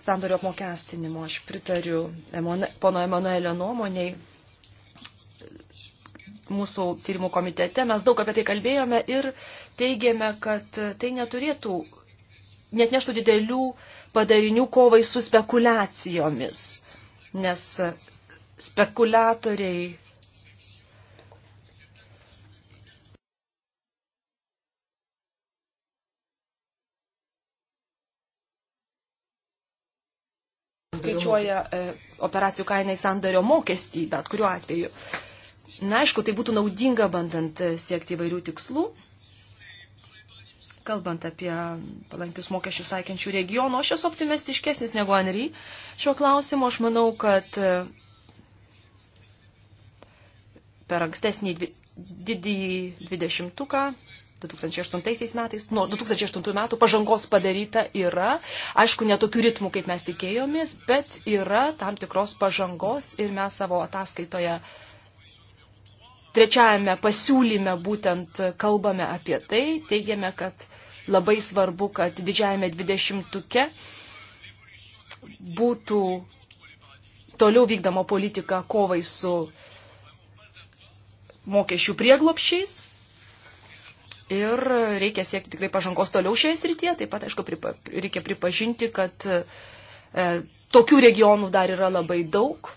S1: sandorio apmokestinimo aš pritariu pono Emanuelio nuomoniai. Mūsų tyrimų komitete mes daug apie tai kalbėjome ir teigėme, kad tai neturėtų, net neštų didelių padarinių kovai su spekulacijomis, nes spekuliatoriai. skaičiuoja e, operacijų kainą į sandario mokestį, bet kuriuo atveju. Na, aišku, tai būtų naudinga bandant e, siekti įvairių tikslų, kalbant apie palankius mokesčius taikiančių regionų. Aš esu optimistiškesnis negu Anry. Šiuo klausimu aš manau, kad e, per ankstesnį didįjį dvidešimtuką 2008 metais, nuo 2008 metų pažangos padaryta yra, aišku, netokių ritmų, kaip mes tikėjomės, bet yra tam tikros pažangos ir mes savo ataskaitoje trečiajame pasiūlyme būtent kalbame apie tai, teigiame, kad labai svarbu, kad didžiajame dvidešimtuke būtų toliau vykdoma politika kovai su mokesčių prieglopšiais. Ir reikia siekti tikrai pažangos toliau šioje srityje. Taip pat, aišku, pripa, reikia pripažinti, kad e, tokių regionų dar yra labai daug.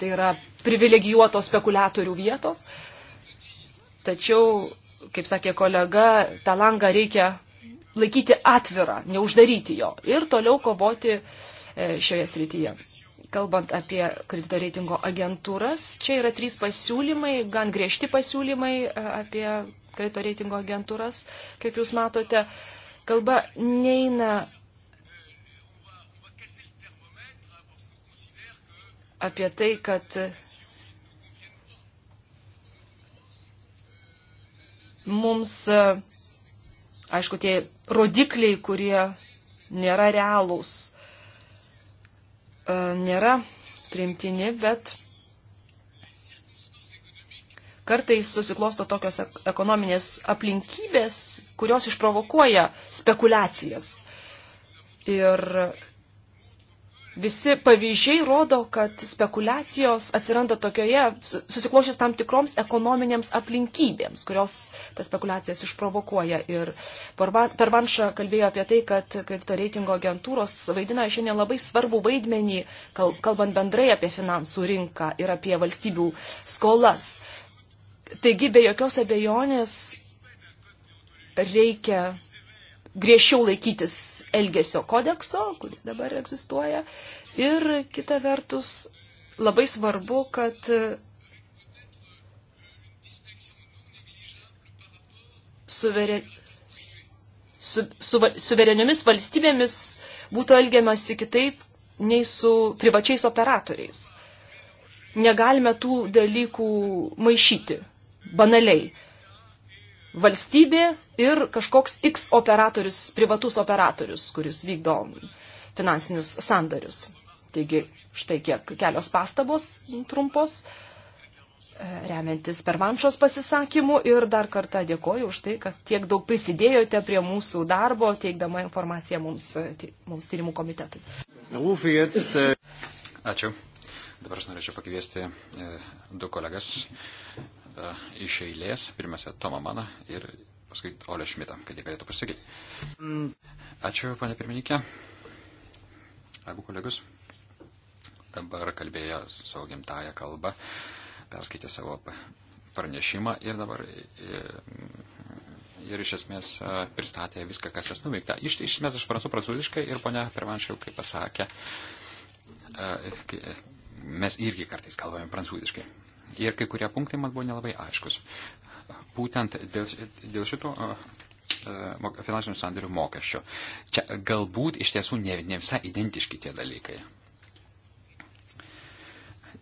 S1: Tai yra privilegijuotos spekuliatorių vietos. Tačiau, kaip sakė kolega, tą langą reikia laikyti atvirą, neuždaryti jo ir toliau kovoti e, šioje srityje. Kalbant apie kredito reitingo agentūras, čia yra trys pasiūlymai, gan griežti pasiūlymai e, apie kredito reitingo agentūras, kaip jūs matote. Kalba neina apie tai, kad mums, e, aišku, tie rodikliai, kurie nėra realūs, E, nėra priimtini, bet kartais susiklosto tokios ekonominės aplinkybės, kurios išprovokuoja spekulacijas. Ir visi pavyzdžiai rodo, kad spekulacijos atsiranda tokioje, susiklošęs tam tikroms ekonominėms aplinkybėms, kurios tas spekulacijas išprovokuoja. Ir Pervanša kalbėjo apie tai, kad kredito reitingo agentūros vaidina šiandien labai svarbų vaidmenį, kalbant bendrai apie finansų rinką ir apie valstybių skolas. Taigi be jokios abejonės reikia griežčiau laikytis Elgesio kodekso, kuris dabar egzistuoja. Ir kita vertus, labai svarbu, kad suveren, su, su, suvereniomis valstybėmis būtų elgiamasi kitaip nei su privačiais operatoriais. Negalime tų dalykų maišyti banaliai valstybė ir kažkoks X operatorius, privatus operatorius, kuris vykdo finansinius sandarius. Taigi, štai kiek kelios pastabos trumpos, e, remiantis pervanšos pasisakymu ir dar kartą dėkoju už tai, kad tiek daug prisidėjote prie mūsų darbo, teikdama informaciją mums, e, mums tyrimų komitetui.
S2: E- Ačiū. Dabar aš norėčiau pakviesti du kolegas E, iš eilės, pirmiausia, Tomą Maną ir paskui Olę Šmitą, kad jie galėtų pasakyti. Ačiū, panė pirmininkė. Abu kolegus dabar kalbėjo savo gimtają kalbą, perskaitė savo pranešimą ir dabar e, ir iš esmės e, pristatė viską, kas jas nuveikta. Iš, iš esmės aš suprantu prancūziškai ir ponia Pervanšiau, kaip pasakė, mes irgi kartais kalbame prancūziškai. Ir kai kurie punktai man buvo nelabai aiškus. Būtent dėl, dėl šito finansinių sandarių mokesčio. Čia galbūt iš tiesų ne, ne visai identiški tie dalykai.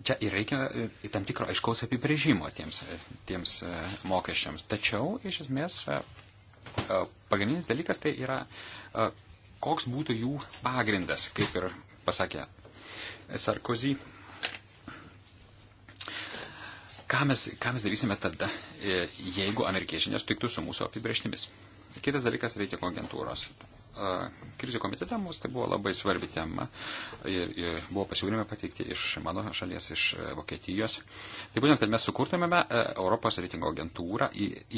S2: Čia ir reikia e, tam tikro aiškaus apibrėžimo tiems, e, tiems e, mokesčiams. Tačiau, iš esmės, pagrindinis dalykas tai yra, koks būtų jų pagrindas, kaip ir pasakė Sarkozy Ką mes, ką mes darysime tada, e, jeigu amerikiečiai nesutiktų su mūsų apibrieštimis? Kitas dalykas - reikia agentūros krizių komitete mums tai buvo labai svarbi tema ir, ir buvo pasiūlymai pateikti iš mano šalies, iš e, Vokietijos. Tai būtent, kad mes sukurtumėme e, Europos reitingo agentūrą,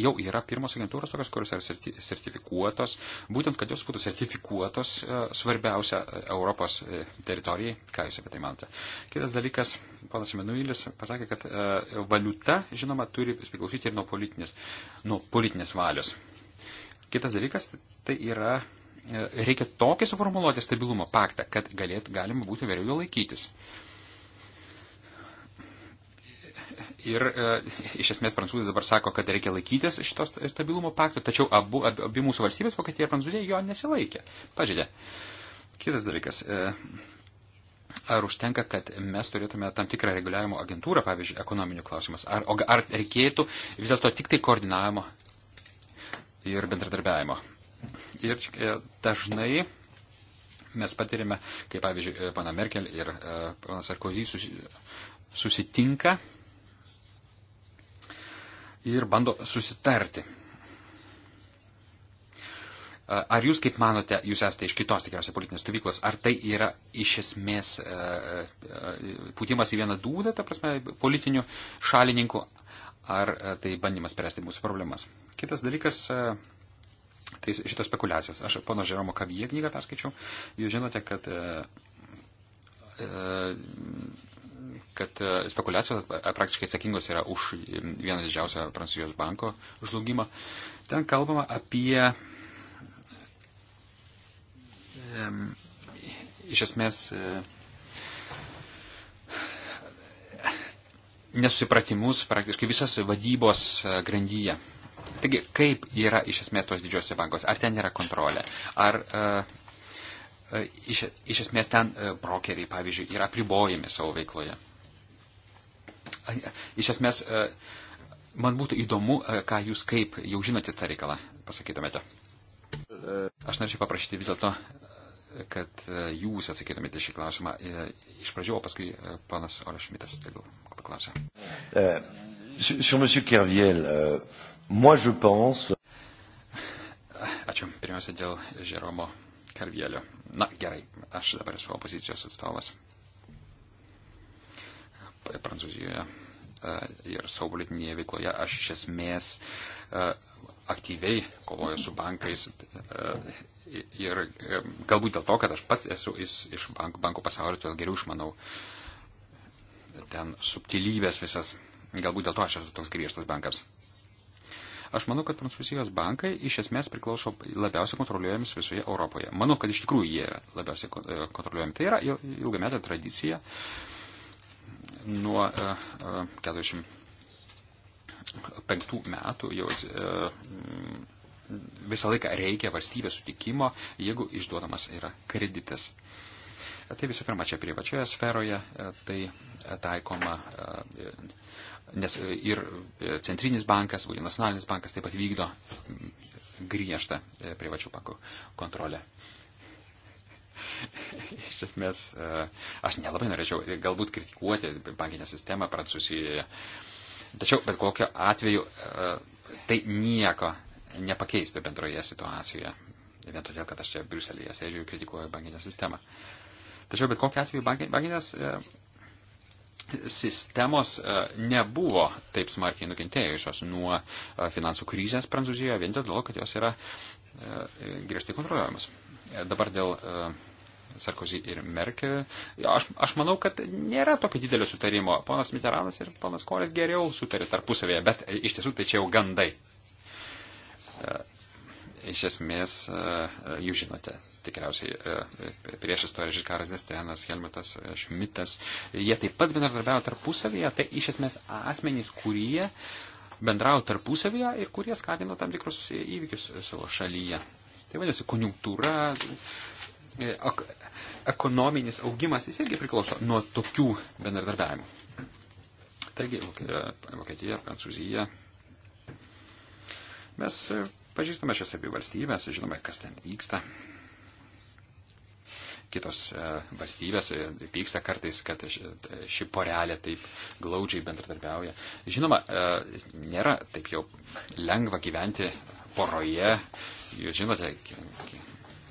S2: jau yra pirmos agentūros tokios, kurios yra sertifikuotos, būtent, kad jos būtų sertifikuotos e, svarbiausia Europos teritorijai. Ką Jūs apie tai manote? Kitas dalykas, panas Menuilis pasakė, kad valiuta, žinoma, turi priklausyti ir nuo politinės, nuo politinės valios. Kitas dalykas tai yra E, reikia tokį suformuoluoti stabilumo paktą, kad galėt, galima būtų vėliau jo laikytis. Ir e, iš esmės prancūzai dabar sako, kad reikia laikytis šitos stabilumo pakto, tačiau abu, abi, abi mūsų valstybės, Vokietija ir Prancūzija, jo nesilaikė. Pažiūrė. Kitas dalykas. E, ar užtenka, kad mes turėtume tam tikrą reguliavimo agentūrą, pavyzdžiui, ekonominių klausimas? Ar, ar reikėtų vis dėlto tik tai koordinavimo ir bendradarbiavimo? Ir e, dažnai mes patirime, kai pavyzdžiui, e, pana Merkel ir e, pana Sarkozy susitinka ir bando susitarti. Ar jūs, kaip manote, jūs esate iš kitos tikriausiai politinės stovyklos, ar tai yra iš esmės putimas į vieną dūdą, ta prasme, politinių šalininkų, ar tai bandymas spręsti mūsų problemas? Kitas dalykas, tai šitos spekulacijos. Aš pono Žeromo Kavyje knygą perskaičiau. Jūs žinote, kad, e, e, kad e, spekulacijos praktiškai atsakingos yra už vieną didžiausią Prancūzijos banko žlugimą. Ten kalbama apie iš esmės nesusipratimus praktiškai visas vadybos grandyje. Taigi, kaip yra iš esmės tos didžiosios bankos? Ar ten yra kontrolė? Ar uh, iš, iš esmės ten e, brokeriai, pavyzdžiui, yra pribojami savo veikloje. Iš esmės, man būtų įdomu, ką jūs kaip jau žinotis tą reikalą pasakytumėte. Aš norėčiau paprašyti vis dėlto, kad jūs atsakytumėte šį klausimą iš pradžio, o paskui panas Olešmitas, tegul paklausė.
S3: Euh, sur monsieur Kerviel, euh, Moi, je pense.
S2: Ačiū. Pirmiausia, dėl Žeromo Karvėlio. Na, gerai, aš dabar esu opozicijos atstovas. Prancūzijoje e, ir savo politinėje veikloje aš iš esmės e, aktyviai kovoju su bankais e, ir galbūt dėl to, kad aš pats esu iš bankų, bankų pasaulio, todėl geriau išmanau ten subtilybės visas. Galbūt dėl to aš esu toks griežtas bankams. Aš manau, kad Prancūzijos bankai iš esmės priklauso labiausiai kontroliuojamis visoje Europoje. Manau, kad iš tikrųjų jie yra labiausiai e, kontroliuojami. Tai yra ilgametė tradicija nuo 45 e, e, metų jau visą laiką reikia valstybės sutikimo, jeigu išduodamas yra kreditas. Tai visų pirma, čia privačioje sferoje tai taikoma nes e, ir e, centrinis bankas, būtent nacionalinis bankas taip pat vykdo griežtą e, privačių bankų kontrolę. Iš esmės, aš nelabai norėčiau galbūt kritikuoti bankinę sistemą Prancūzijoje, tačiau bet kokiu atveju tai nieko nepakeistų bendroje situacijoje. Vien todėl, kad aš čia Briuselėje sėdžiu ir kritikuoju bankinę sistemą. Tačiau bet kokiu atveju bankinės sistemos e, nebuvo taip smarkiai nukentėjusios nuo e, finansų krizės Prancūzijoje vien dėl to, kad jos yra e, griežtai kontroliuojamos. Dabar dėl Sarkozy ir Merkel. Aš, aš manau, kad nėra tokio didelio sutarimo. Ponas Mitteranas ir ponas Kolis geriau sutarė tarpusavėje, bet iš tiesų tai čia jau gandai. Iš esmės, jūs žinote, tikriausiai e, e, priešas to Žikaras Destenas, Helmutas e, Šmitas, jie taip pat bendradarbiavo tarpusavyje, tai iš esmės asmenys, kurie bendravo tarpusavyje ir kurie skatino tam tikrus įvykius savo šalyje. Tai vadinasi, konjunktūra, ek, ekonominis augimas, jis irgi priklauso nuo tokių bendradarbiavimų. Taigi, Vokietija, Prancūzija. Mes pažįstame šias abi valstybės, žinome, kas ten vyksta kitos e, valstybės e, vyksta kartais, kad ši porelė taip glaudžiai bendradarbiauja. Žinoma, e, nėra taip jau lengva gyventi poroje. Jūs žinote,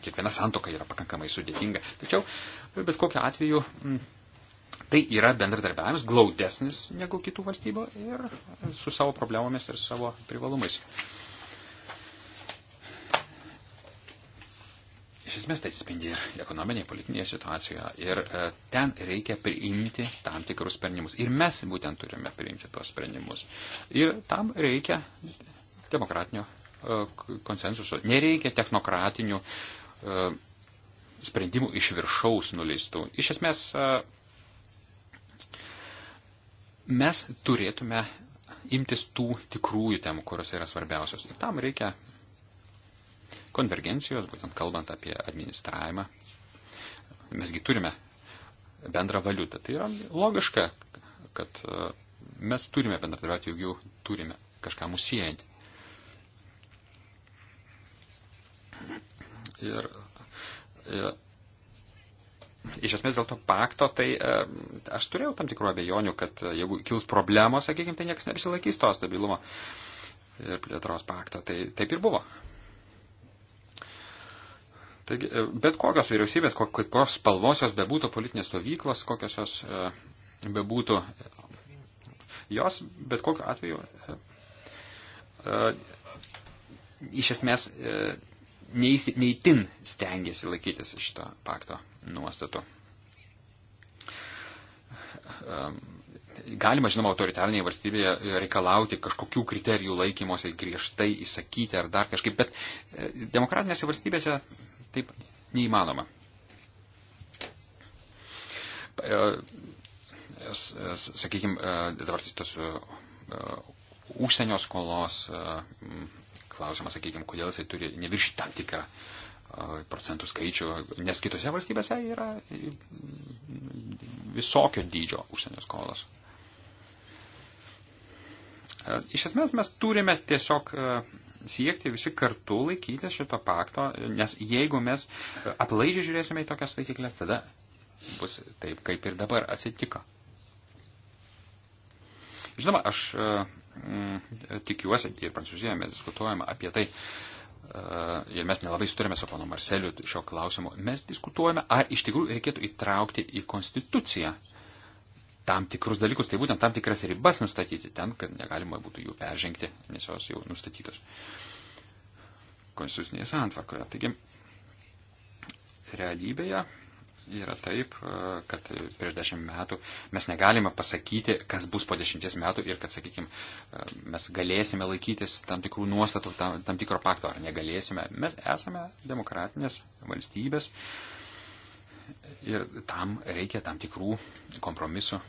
S2: kiekviena santoka yra pakankamai sudėtinga. Tačiau, bet kokiu atveju. Tai yra bendradarbiavimas glaudesnis negu kitų valstybių ir su savo problemomis ir savo privalumais. Uh, iš esmės tai atsispindi ir ekonominėje, politinėje situacijoje. Ir e, ten reikia priimti tam tikrus sprendimus. Ir mes būtent turime priimti tuos sprendimus. Ir tam reikia demokratinio e, konsensuso. Nereikia technokratinių e, sprendimų iš viršaus nuleistų. Iš esmės, e, mes turėtume imtis tų tikrųjų temų, kurios yra svarbiausios. Ir tam reikia konvergencijos, būtent kalbant apie administravimą. Mesgi turime bendrą valiutą. Tai yra logiška, kad e, mes turime bendradarbiauti, juk jau turime kažką mūsų siejantį. Ir, ir e, iš esmės dėl to pakto, tai e, aš turėjau tam tikrų abejonių, kad jeigu kils problemos, sakykime, tai niekas nebesilaikys to stabilumo ir plėtros pakto. Tai taip ir buvo. Taigi, e, bet kokios vyriausybės, kokios spalvos jos bebūtų, politinės stovyklos, kokios jos e, bebūtų, jos bet kokiu atveju e, iš esmės neįtin stengiasi laikytis šito pakto nuostatų. Galima, žinoma, autoritarnėje valstybėje reikalauti kažkokių kriterijų laikymosi, griežtai įsakyti ar dar kažkaip, bet demokratinėse valstybėse Taip neįmanoma. E, sakykime, dabar tai tas e, e, užsienio skolos klausimas, sakykime, kodėl jisai turi neviršyti tam tikrą procentų skaičių, nes kitose valstybėse yra visokio dydžio užsienio skolos. Iš esmės mes turime tiesiog siekti visi kartu laikytis šito pakto, nes jeigu mes aplaidžiai žiūrėsime į tokias taisyklės, tada bus taip, kaip ir dabar atsitiko. Žinoma, aš mm, tikiuosi ir Prancūzijoje mes diskutuojame apie tai. E, ir mes nelabai sutarėme su ponu Marseliu šio klausimo. Mes diskutuojame, ar iš tikrųjų reikėtų įtraukti į Konstituciją tam tikrus dalykus, tai būtent tam tikras ribas nustatyti ten, kad negalima būtų jų peržengti, nes jos jau nustatytos konstitucinėje santvarkoje. Taigi, realybėje yra taip, e, kad prieš dešimt metų mes negalime pasakyti, kas bus po dešimties metų ir kad, sakykime, mes galėsime laikytis tam tikrų nuostatų, tam, tam tikro pakto ar negalėsime. Mes esame demokratinės valstybės ir tam reikia tam tikrų kompromisų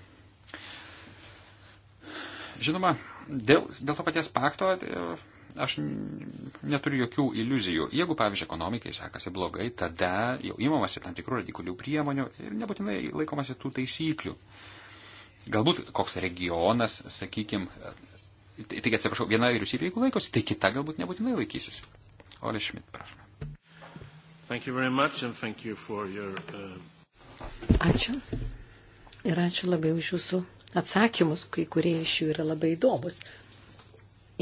S2: Žinoma, dėl, dėl to paties pakto e, aš neturiu jokių iliuzijų. Jeigu, pavyzdžiui, ekonomikai sekasi blogai, tada jau imamasi tam tikrų radikalių priemonių ir nebūtinai laikomasi tų taisyklių. Galbūt koks regionas, sakykime, tai, taigi atsiprašau, viena vyriausybė, jeigu laikosi, tai kita galbūt nebūtinai laikysis. Ole Šmit, prašome.
S3: You your, uh... Ačiū. Ir ačiū labai už jūsų atsakymus, kai kurie iš jų yra labai įdomus,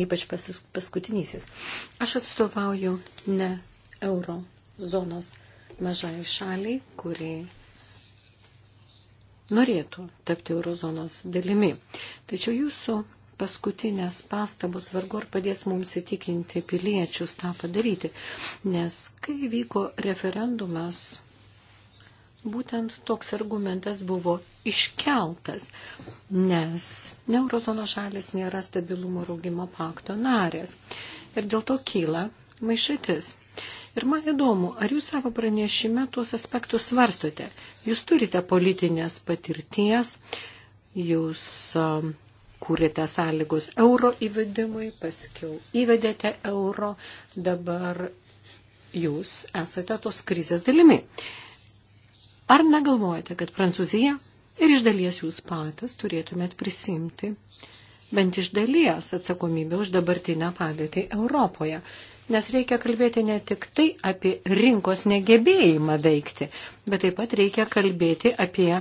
S3: ypač paskutinysis. Aš atstovauju ne euro zonos mažai šaliai, kuri norėtų tapti eurozonos dalimi. Tačiau jūsų paskutinės pastabos vargu ar padės mums įtikinti piliečius tą padaryti, nes kai vyko referendumas Būtent toks argumentas buvo iškeltas, nes neurozono šalis nėra stabilumo rūgimo pakto narės. Ir dėl to kyla maišytis. Ir man įdomu, ar jūs savo pranešime tuos aspektus svarstote? Jūs turite politinės patirties, jūs um, kūrėte sąlygus euro įvedimui, paskiau įvedėte euro, dabar jūs esate tos krizės dalimi. Ar negalvojate, kad Prancūzija ir iš dalies jūs patys turėtumėt prisimti bent iš dalies atsakomybę už dabartinę padėtį Europoje? Nes reikia kalbėti ne tik tai apie rinkos negebėjimą veikti, bet taip pat reikia kalbėti apie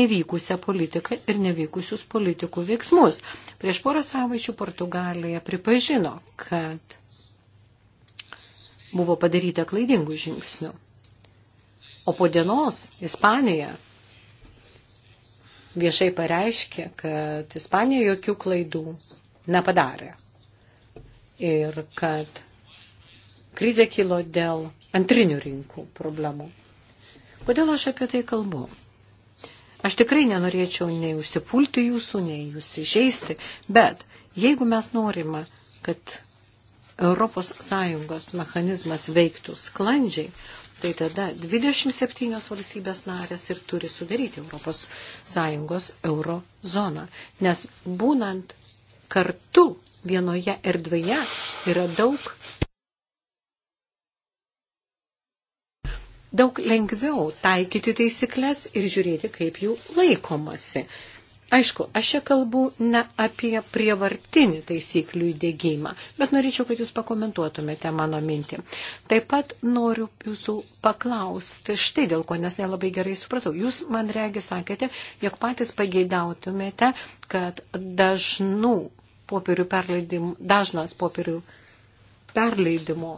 S3: nevykusią politiką ir nevykusius politikų veiksmus. Prieš porą savaičių Portugalija pripažino, kad buvo padaryta klaidingų žingsnių. O po dienos Ispanija viešai pareiškė, kad Ispanija jokių klaidų nepadarė. Ir kad krizė kilo dėl antrinių rinkų problemų. Kodėl aš apie tai kalbu? Aš tikrai nenorėčiau nei užsipulti jūsų, nei jūs įžeisti, bet jeigu mes norime, kad ES mechanizmas veiktų sklandžiai, tai tada 27 valstybės narės ir turi sudaryti ES euro zoną. Nes būnant kartu vienoje erdvėje yra daug, daug lengviau taikyti taisyklės ir žiūrėti, kaip jų laikomasi. Aišku, aš čia kalbu ne apie prievartinį taisyklių įdėgymą, bet norėčiau, kad jūs pakomentuotumėte mano mintį. Taip pat noriu jūsų paklausti štai dėl ko, nes nelabai gerai supratau. Jūs man regi sakėte, jog patys pageidautumėte, kad dažnų popierių perleidimų, dažnas popierių perleidimo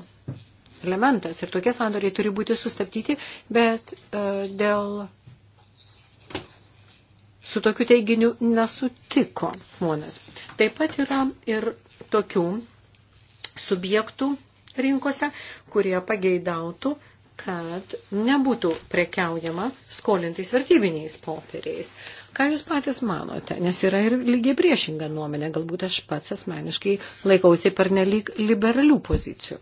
S3: elementas ir tokie sandoriai turi būti sustabdyti, bet uh, dėl su tokiu teiginiu nesutiko žmonės. Taip pat yra ir tokių subjektų rinkose, kurie pageidautų, kad nebūtų prekiaujama skolintais vertybiniais popieriais. Ką Jūs patys manote? Nes yra ir lygiai priešinga nuomenė. Galbūt aš pats asmeniškai laikausi per nelik liberalių pozicijų.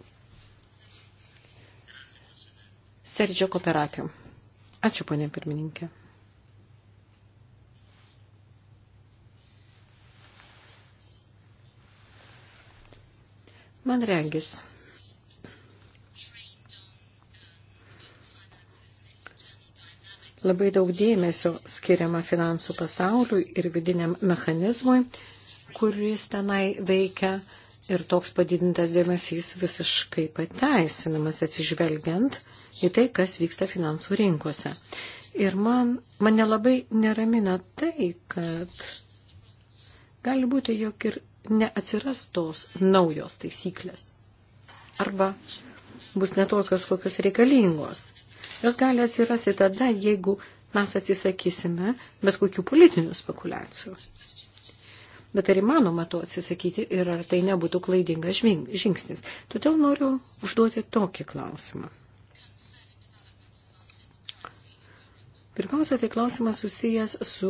S3: Sergio Kooperatio. Ačiū, ponė pirmininkė. Man regis. Labai daug dėmesio skiriama finansų pasauliui ir vidiniam mechanizmui, kuris tenai veikia ir toks padidintas dėmesys visiškai pateisinamas atsižvelgiant į tai, kas vyksta finansų rinkose. Ir man, mane labai neramina tai, kad gali būti, jog ir neatsiras tos naujos taisyklės. Arba bus netokios, kokios reikalingos. Jos gali atsirasti tada, jeigu mes atsisakysime bet kokių politinių spekulacijų. Bet ar įmanoma to atsisakyti ir ar tai nebūtų klaidingas žingsnis? Todėl noriu užduoti tokį klausimą. Pirmiausia, tai klausimas susijęs su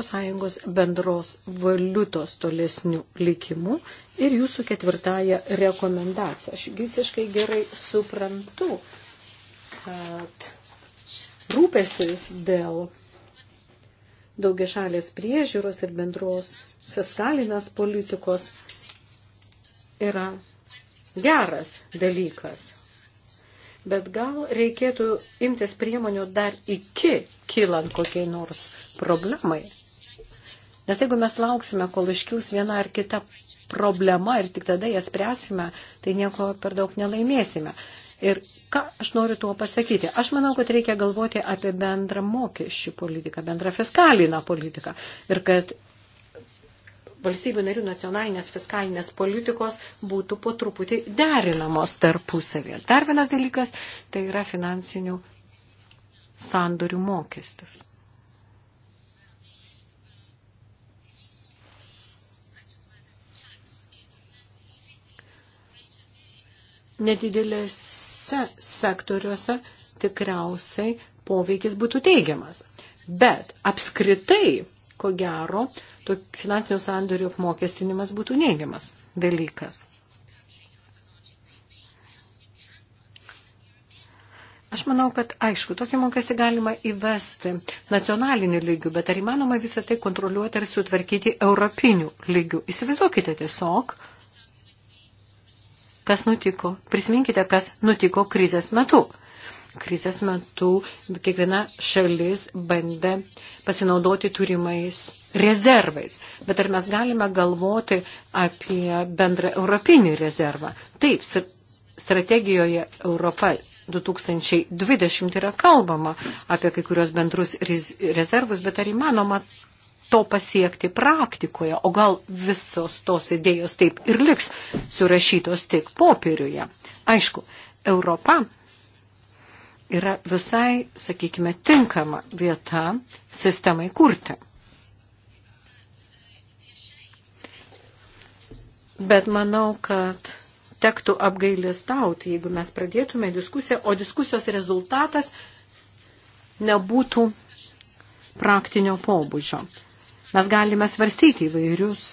S3: ES bendros valiutos tolesniu likimu ir jūsų ketvirtąją rekomendaciją. Aš visiškai gerai suprantu, kad rūpestis dėl daugiašalės priežiūros ir bendros fiskalinės politikos yra geras dalykas bet gal reikėtų imtis priemonių dar iki kylant kokiai nors problemai. Nes jeigu mes lauksime, kol iškils viena ar kita problema ir tik tada ją spręsime, tai nieko per daug nelaimėsime. Ir ką aš noriu tuo pasakyti? Aš manau, kad reikia galvoti apie bendrą mokesčių politiką, bendrą fiskalinę politiką. Ir kad valstybių narių nacionalinės fiskalinės politikos būtų po truputį derinamos tarpusavėje. Dar vienas dalykas tai yra finansinių sandorių mokestis. Nedidelėse sektoriuose tikriausiai poveikis būtų teigiamas. Bet apskritai ko gero, finansinio sandorio apmokestinimas būtų neigiamas dalykas. Aš manau, kad aišku, tokį mokestį galima įvesti nacionaliniu lygiu, bet ar įmanoma visą tai kontroliuoti ar sutvarkyti europiniu lygiu? Įsivaizduokite tiesiog, kas nutiko. Prisiminkite, kas nutiko krizės metu krizės metu kiekviena šalis bandė pasinaudoti turimais rezervais. Bet ar mes galime galvoti apie bendrą europinį rezervą? Taip, strategijoje Europa 2020 yra kalbama apie kai kurios bendrus rezervus, bet ar įmanoma to pasiekti praktikoje, o gal visos tos idėjos taip ir liks surašytos tik popieriuje. Aišku, Europa yra visai, sakykime, tinkama vieta sistemai kurti. Bet manau, kad tektų apgailestauti, jeigu mes pradėtume diskusiją, o diskusijos rezultatas nebūtų praktinio pobūdžio. Mes galime svarstyti įvairius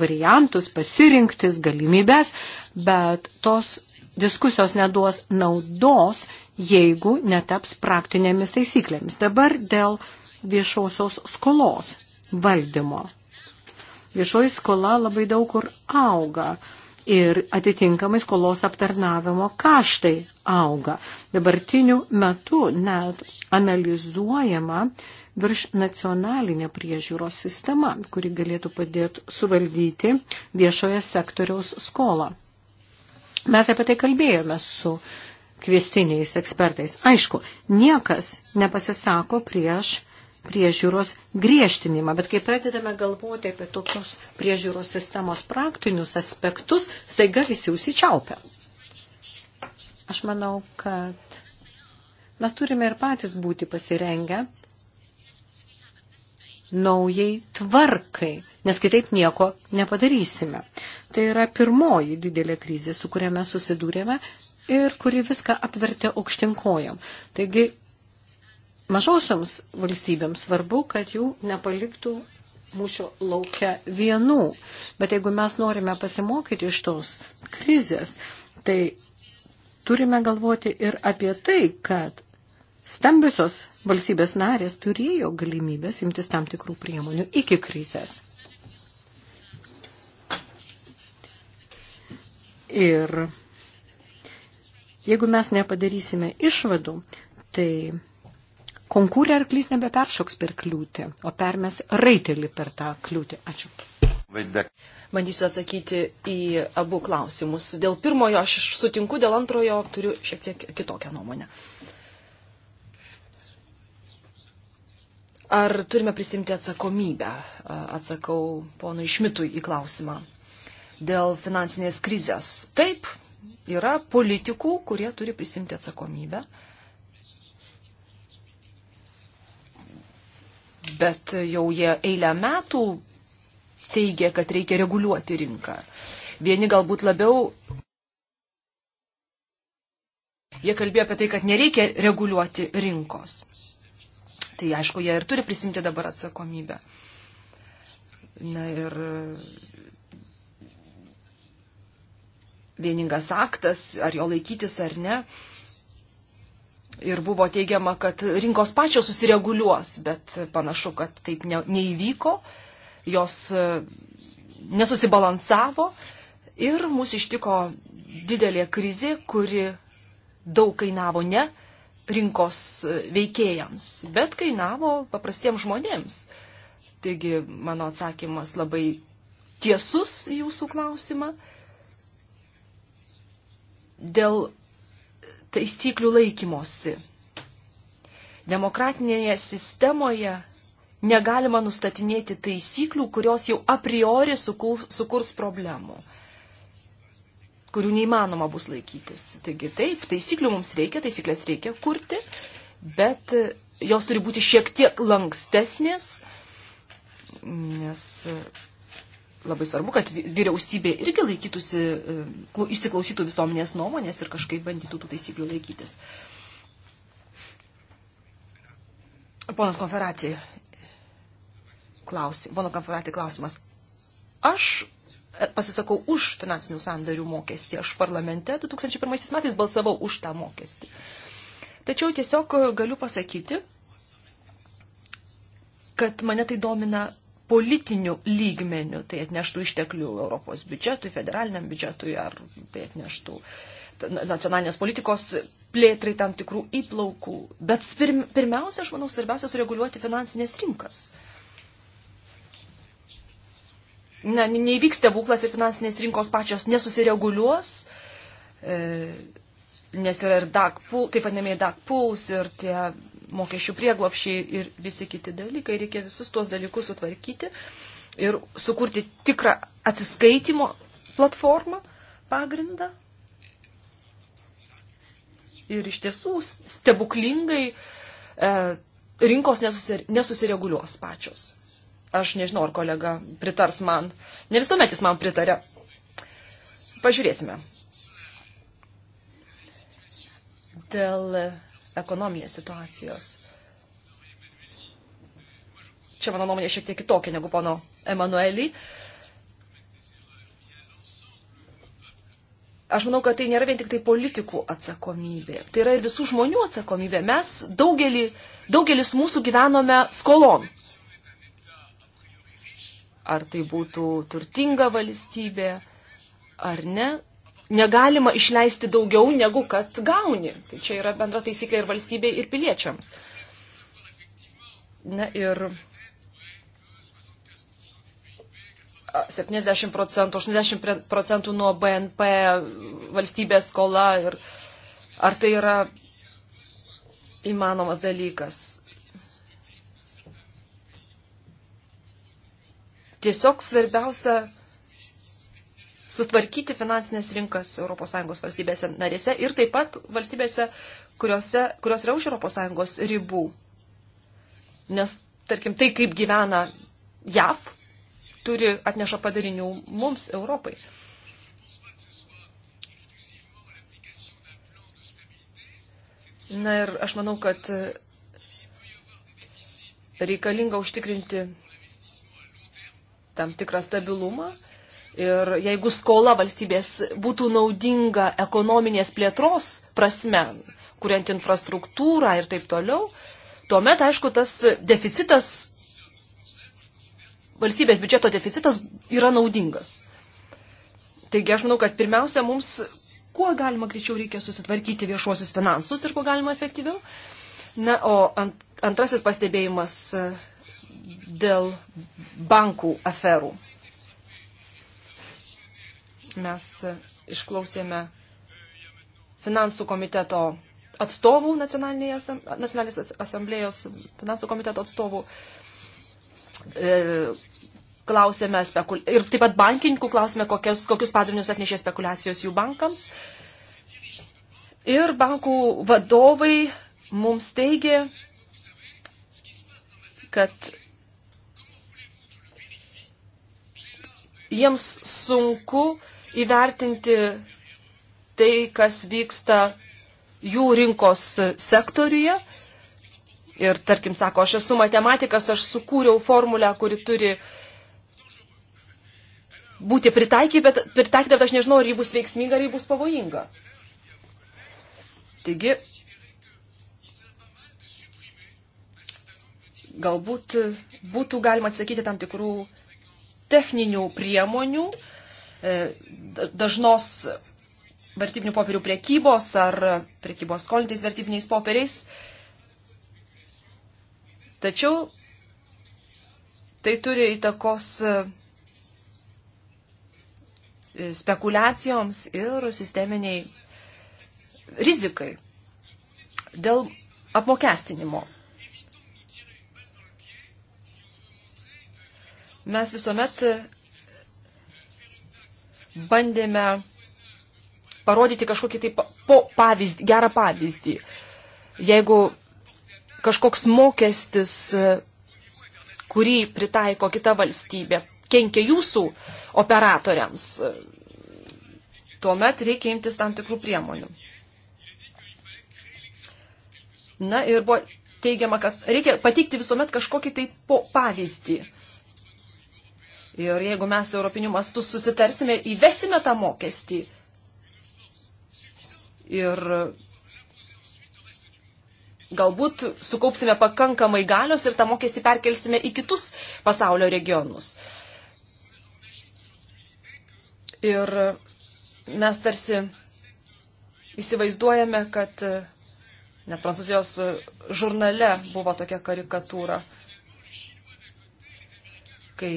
S3: variantus, pasirinktis, galimybės, bet tos diskusijos neduos naudos, jeigu netaps praktinėmis taisyklėmis. Dabar dėl viešosios skolos valdymo. Viešoji skola labai daug kur auga ir atitinkamai skolos aptarnavimo kaštai auga. Dabartiniu metu net analizuojama virš nacionalinė priežiūros sistema, kuri galėtų padėti suvaldyti viešoje sektoriaus skolą. Mes apie tai kalbėjome su uh, kvestiniais ekspertais. Aišku, niekas nepasisako prieš priežiūros griežtinimą, bet kai pradedame galvoti apie tokios priežiūros sistemos praktinius aspektus, staiga visi užsičiaupia. Aš manau, kad mes turime ir patys būti pasirengę naujai tvarkai, nes kitaip nieko nepadarysime. Tai yra pirmoji didelė krizė, su kuria mes susidūrėme ir kuri viską apvertė aukštinkojom. Taigi mažosioms valstybėms svarbu, kad jų nepaliktų mūšio laukia vienų. Bet jeigu mes norime pasimokyti iš tos krizės, tai turime galvoti ir apie tai, kad stambiusios valstybės narės turėjo galimybės imtis tam tikrų priemonių iki krizės. Ir Jeigu mes nepadarysime išvadų, tai konkūrė arklys nebeperšoks per kliūtį, o permes raitelį per tą kliūtį. Ačiū.
S1: Bandysiu atsakyti į abu klausimus. Dėl pirmojo aš sutinku, dėl antrojo turiu šiek tiek kitokią nuomonę. Ar turime prisimti atsakomybę? Atsakau ponui Šmitui į klausimą. Dėl finansinės krizės. Taip, yra politikų, kurie turi prisimti atsakomybę. Bet jau jie eilę metų teigia, kad reikia reguliuoti rinką. Vieni galbūt labiau. Jie kalbėjo apie tai, kad nereikia reguliuoti rinkos. Tai aišku, jie ir turi prisimti dabar atsakomybę. Na ir vieningas aktas, ar jo laikytis ar ne. Ir buvo teigiama, kad rinkos pačios susireguliuos, bet panašu, kad taip ne, neįvyko, jos e, nesusibalansavo ir mus ištiko didelė krizė, kuri daug kainavo ne rinkos e, veikėjams, bet kainavo paprastiems žmonėms. Taigi mano atsakymas labai tiesus į jūsų klausimą dėl taisyklių laikymosi. Demokratinėje sistemoje negalima nustatinėti taisyklių, kurios jau a priori sukurs, sukurs problemų, kurių neįmanoma bus laikytis. Taigi taip, taisyklių mums reikia, taisyklės reikia kurti, bet jos turi būti šiek tiek lankstesnės, nes labai svarbu, kad vyriausybė irgi laikytųsi, e, įsiklausytų visuomenės nuomonės ir kažkaip bandytų tų taisyklių laikytis. Ponas Konferatė, klausim, pono Konferatė klausimas. Aš e, pasisakau už finansinių sandarių mokestį. Aš parlamente 2001 metais balsavau už tą mokestį. Tačiau tiesiog galiu pasakyti, kad mane tai domina politiniu lygmeniu, tai atneštų išteklių Europos biudžetui, federaliniam biudžetui, ar tai atneštų nacionalinės politikos plėtrai tam tikrų įplaukų. Bet pirmiausia, aš manau, svarbiausia sureguliuoti finansinės rinkas. Na, neįvyks stebuklas ir finansinės rinkos pačios nesusireguliuos, e, nes yra ir DAC pool, taip vadinamieji DAC pools ir tie mokesčių prieglopšiai ir visi kiti dalykai. Reikia visus tuos dalykus sutvarkyti ir sukurti tikrą atsiskaitimo platformą pagrindą. Ir iš tiesų stebuklingai e, rinkos nesusire, nesusireguliuos pačios. Aš nežinau, ar kolega pritars man. Ne visuomet jis man pritarė. Pažiūrėsime. Dėl ekonominės situacijos. Čia mano nuomonė šiek tiek kitokia negu pono Emanuelį. Aš manau, kad tai nėra vien tik tai politikų atsakomybė. Tai yra ir visų žmonių atsakomybė. Mes daugelį, daugelis mūsų gyvenome skolon. Ar tai būtų turtinga valstybė, ar ne, negalima išleisti daugiau negu kad gauni. Tai čia yra bendra taisyklė ir valstybei, ir piliečiams. Na ir 70 procentų, 80 procentų nuo BNP valstybės skola ir ar tai yra įmanomas dalykas. Tiesiog svarbiausia sutvarkyti finansinės rinkas ES valstybėse narėse ir taip pat valstybėse, kuriuose, kurios yra už ES ribų. Nes, tarkim, tai, kaip gyvena JAV, turi atneša padarinių mums, Europai. Na ir aš manau, kad reikalinga užtikrinti tam tikrą stabilumą Ir jeigu skola valstybės būtų naudinga ekonominės plėtros prasme, kuriant infrastruktūrą ir taip toliau, tuomet, aišku, tas deficitas, valstybės biudžeto deficitas yra naudingas. Taigi aš manau, kad pirmiausia, mums kuo galima greičiau reikia susitvarkyti viešuosius finansus ir kuo galima efektyviau. Na, o ant, antrasis pastebėjimas e, dėl bankų aferų. Mes e, išklausėme finansų komiteto atstovų nacionalinės, nacionalinės asamblėjos, finansų komiteto atstovų. E, klausėme spekul... ir taip pat bankininkų klausėme, kokius, kokius padarinius atnešė spekulacijos jų bankams. Ir bankų vadovai mums teigė, kad jiems sunku uh, įvertinti tai, kas vyksta jų rinkos sektoriuje. Ir tarkim, sako, aš esu matematikas, aš sukūriau formulę, kuri turi būti pritaikyta, bet, pritaikyta, bet aš nežinau, ar ji bus veiksminga, ar ji bus pavojinga. Taigi, galbūt būtų galima atsakyti tam tikrų techninių priemonių, uh, E, dažnos vertybinių popierių priekybos ar priekybos skolintais vertybiniais popieriais. Tačiau tai turi įtakos e, spekulacijoms ir sisteminiai rizikai dėl apmokestinimo. Mes visuomet bandėme parodyti kažkokį tai po pavyzdį, gerą pavyzdį. Jeigu kažkoks mokestis, kurį pritaiko kita valstybė, kenkia jūsų operatoriams, tuomet reikia imtis tam tikrų priemonių. Na ir buvo teigiama, kad reikia pateikti visuomet kažkokį tai pavyzdį. Ir jeigu mes europiniu mastu susitarsime, įvesime tą mokestį. Ir galbūt sukaupsime pakankamai galios ir tą mokestį perkelsime į kitus pasaulio regionus. Ir mes tarsi įsivaizduojame, kad net prancūzijos žurnale buvo tokia karikatūra, kai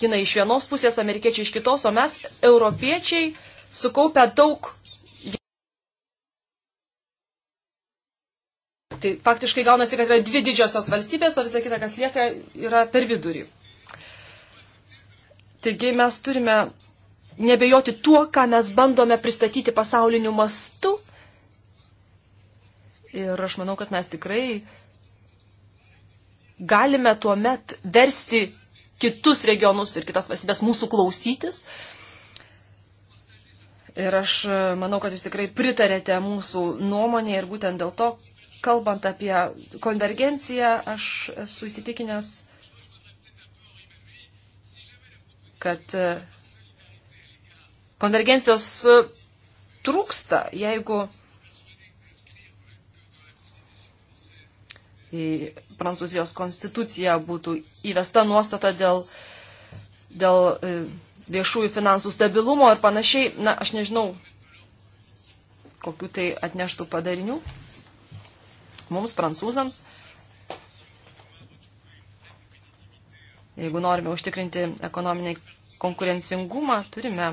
S1: kinai iš vienos pusės, amerikiečiai iš kitos, o mes, europiečiai, sukaupę daug. Tai faktiškai gaunasi, kad yra dvi didžiosios valstybės, o visa kita, kas lieka, yra per vidurį. Taigi mes turime nebejoti tuo, ką mes bandome pristatyti pasauliniu mastu. Ir aš manau, kad mes tikrai galime tuo met versti kitus regionus ir kitas valstybės mūsų klausytis. Ir aš e, manau, kad jūs tikrai pritarėte mūsų nuomonė ir būtent dėl to, kalbant apie konvergenciją, aš esu įsitikinęs, kad e, konvergencijos e, trūksta, jeigu į Prancūzijos konstituciją būtų įvesta nuostata dėl, dėl e, viešųjų finansų stabilumo ir panašiai. Na, aš nežinau, kokiu tai atneštų padarinių mums, prancūzams. Jeigu norime užtikrinti ekonominį konkurencingumą, turime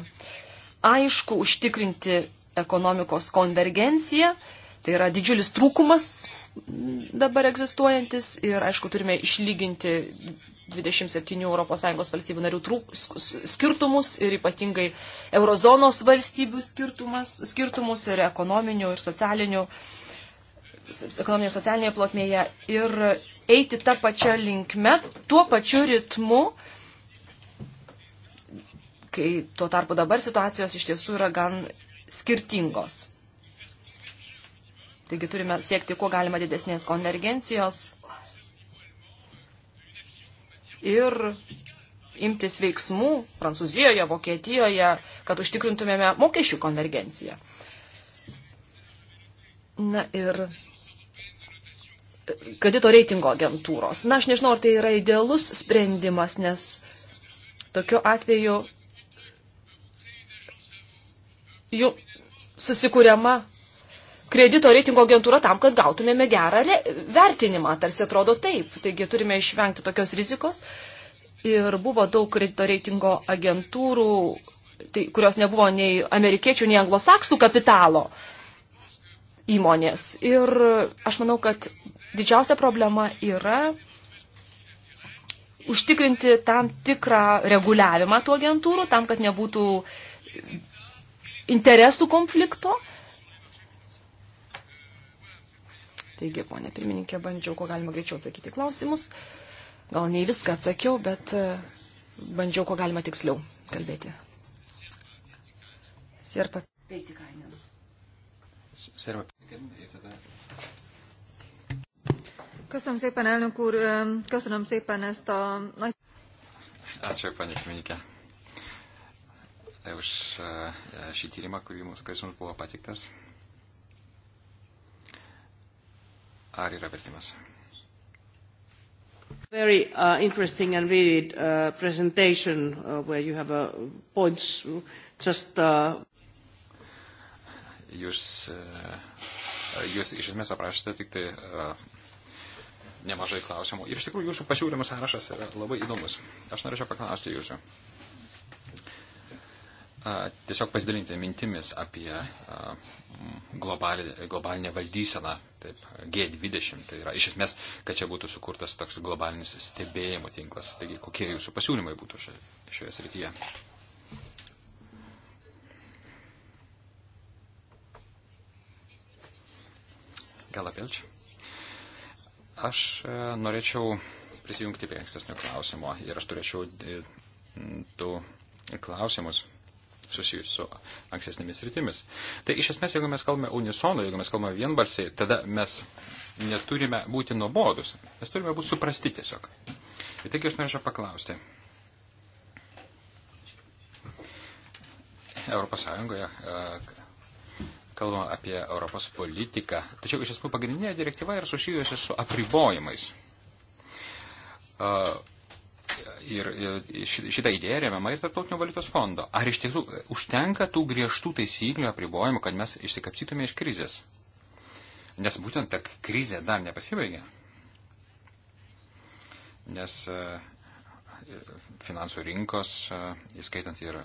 S1: aišku užtikrinti ekonomikos konvergenciją. Tai yra didžiulis trūkumas dabar egzistuojantis ir, aišku, turime išlyginti 27 ES valstybių narių trūk, skirtumus ir ypatingai eurozonos valstybių skirtumus ir ekonominių ir socialinių, ekonominėje socialinėje plotmėje ir eiti tą pačią linkmę, tuo pačiu ritmu, kai tuo tarpu dabar situacijos iš tiesų yra gan skirtingos. Taigi turime siekti kuo galima didesnės konvergencijos ir imtis veiksmų Prancūzijoje, Vokietijoje, kad užtikrintumėme mokesčių konvergenciją. Na ir kredito reitingo agentūros. Na, aš nežinau, ar tai yra idealus sprendimas, nes tokiu atveju jų susikūriama kredito reitingo agentūra tam, kad gautumėme gerą vertinimą, tarsi atrodo taip. Taigi turime išvengti tokios rizikos. Ir buvo daug kredito reitingo agentūrų, tai, kurios nebuvo nei amerikiečių, nei anglosaksų kapitalo įmonės. Ir aš manau, kad didžiausia problema yra užtikrinti tam tikrą reguliavimą tų agentūrų, tam, kad nebūtų interesų konflikto Taigi, ponė pirmininkė, bandžiau, ko galima greičiau atsakyti klausimus. Gal ne viską atsakiau, bet e, bandžiau, ko galima tiksliau kalbėti. Sirpa Peitikainen.
S2: Sirpa Peitikainen.
S1: Köszönöm szépen, elnök úr,
S3: köszönöm szépen ezt a nagy...
S2: Ačiū, panė Kminikė, už e, šį tyrimą, kuris mums buvo patiktas. Ar yra vertimas?
S3: Very uh, interesting and vivid uh, presentation uh, where you have uh, points just. Uh...
S2: Jūs, uh, jūs iš esmės aprašėte tik tai uh, nemažai klausimų. Ir iš tikrųjų jūsų pasiūlymų sąrašas yra labai įdomus. Aš norėčiau paklausti jūsų. Uh, tiesiog pasidalinti mintimis apie globalinę valdyseną, taip, G20, tai yra iš esmės, kad čia būtų sukurtas toks globalinis stebėjimo tinklas. Taigi, kokie jūsų pasiūlymai būtų šioje, šioje srityje? Galapilč. Aš e, norėčiau prisijungti prie ankstesnio klausimo ir aš turėčiau e, du klausimus susijusių su ankstesnėmis rytimis. Tai iš esmės, jeigu mes kalbame unisonų, jeigu mes kalbame vienbalsiai, tada mes neturime būti nuobodus, mes turime būti suprasti tiesiog. Ir taigi aš norėčiau paklausti. Europos Sąjungoje e, kalbama apie Europos politiką, tačiau iš esmės pagrindinė direktyva yra susijusi su apribojimais. Uh, ir, ir šitą idėją remiama ir Tarptautinio valiutos fondo. Ar iš tiesų e, užtenka tų griežtų taisyklių apribojimų, kad mes išsikapsytume iš krizės? Nes būtent ta krizė dar nepasibaigė. Nes e, finansų rinkos, e, įskaitant ir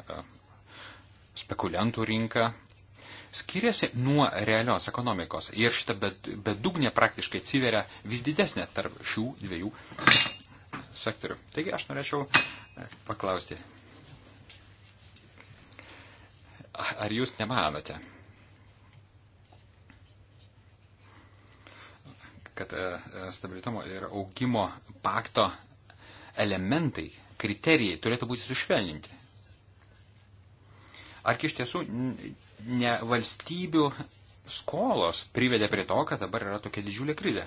S2: spekuliantų rinką, skiriasi nuo realios ekonomikos. Ir šita bedugnė praktiškai atsiveria vis didesnė tarp šių dviejų sektorių. Taigi aš norėčiau e, paklausti, ar jūs nemanote, kad e, stabilitumo ir augimo pakto elementai, kriterijai turėtų būti sušvelninti? Argi iš tiesų ne valstybių skolos privedė prie to, kad dabar yra tokia didžiulė krizė?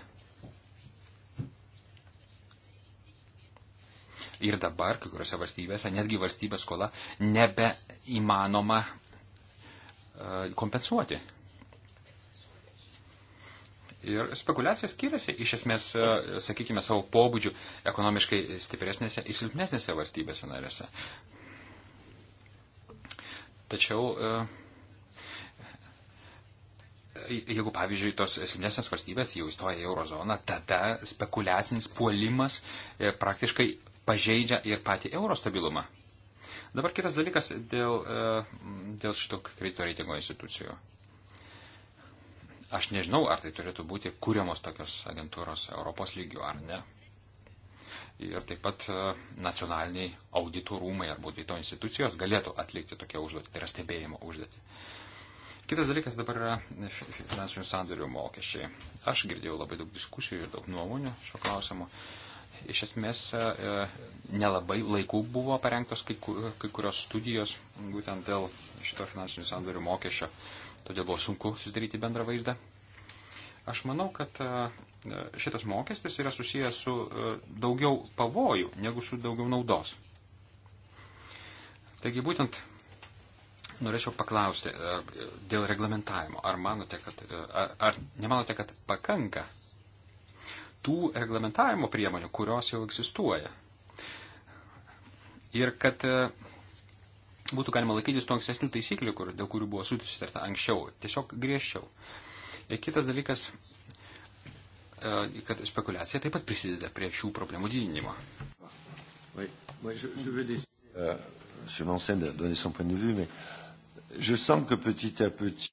S2: Ir dabar kai kuriuose valstybėse netgi valstybės skola nebeįmanoma e, kompensuoti. Ir spekulacija skiriasi iš esmės, e, sakykime, savo pobūdžių ekonomiškai stipresnėse ir silpnesnėse valstybėse narėse. Tačiau, e, jeigu, pavyzdžiui, tos silpnesnės valstybės jau įstoja į eurozoną, tada spekulacinis puolimas praktiškai pažeidžia ir patį euro stabilumą. Dabar kitas dalykas dėl, e, dėl šito kredito reitingo institucijų. Aš nežinau, ar tai turėtų būti kūriamos tokios agentūros Europos lygių ar ne. Ir taip pat e, nacionaliniai audito rūmai arba audito institucijos galėtų atlikti tokią užduotį, tai yra stebėjimo užduotį. Kitas dalykas dabar yra finansinių sandorių mokesčiai. Aš girdėjau labai daug diskusijų ir daug nuomonių šio klausimu. Uh, iš esmės e, e, nelabai laikų buvo parengtos kai, kai kurios studijos būtent dėl šito finansinių sandorių mokesčio. Todėl buvo sunku susidaryti bendrą vaizdą. Aš manau, kad e, šitas mokestis yra susijęs su daugiau pavojų negu su daugiau naudos. Taigi būtent norėčiau paklausti dėl reglamentavimo. Ar, manote, kad, ar, ar nemanote, kad pakanka tų reglamentavimo priemonių, kurios jau egzistuoja. Ir kad e, būtų galima laikytis tų ankstesnių taisyklių, kur, dėl kurių buvo sutarta anksčiau, tiesiog griežčiau. Ir kitas dalykas, e, kad spekulacija taip pat prisideda prie šių
S3: problemų didinimo. Oui, oui, je, je veux laisser, euh, M. Mansen donner son point de vue, mais je sens que petit à petit.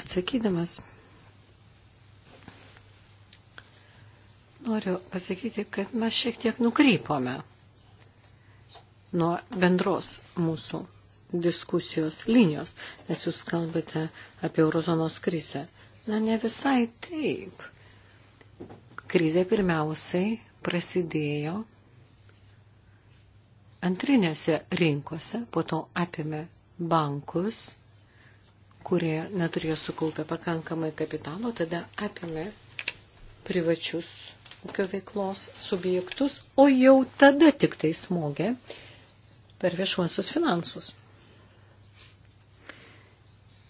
S3: Atsakydamas Noriu pasakyti, kad mes šiek tiek nukrypome nuo bendros mūsų diskusijos linijos, nes jūs kalbate apie eurozonos krizę. Na, ne visai taip. Krizė pirmiausiai prasidėjo antrinėse rinkose, po to apėmė bankus, kurie neturėjo sukaupę pakankamai kapitalo, tada apėmė privačius ūkio veiklos subjektus, o jau tada tik tai smogė per viešuosius finansus.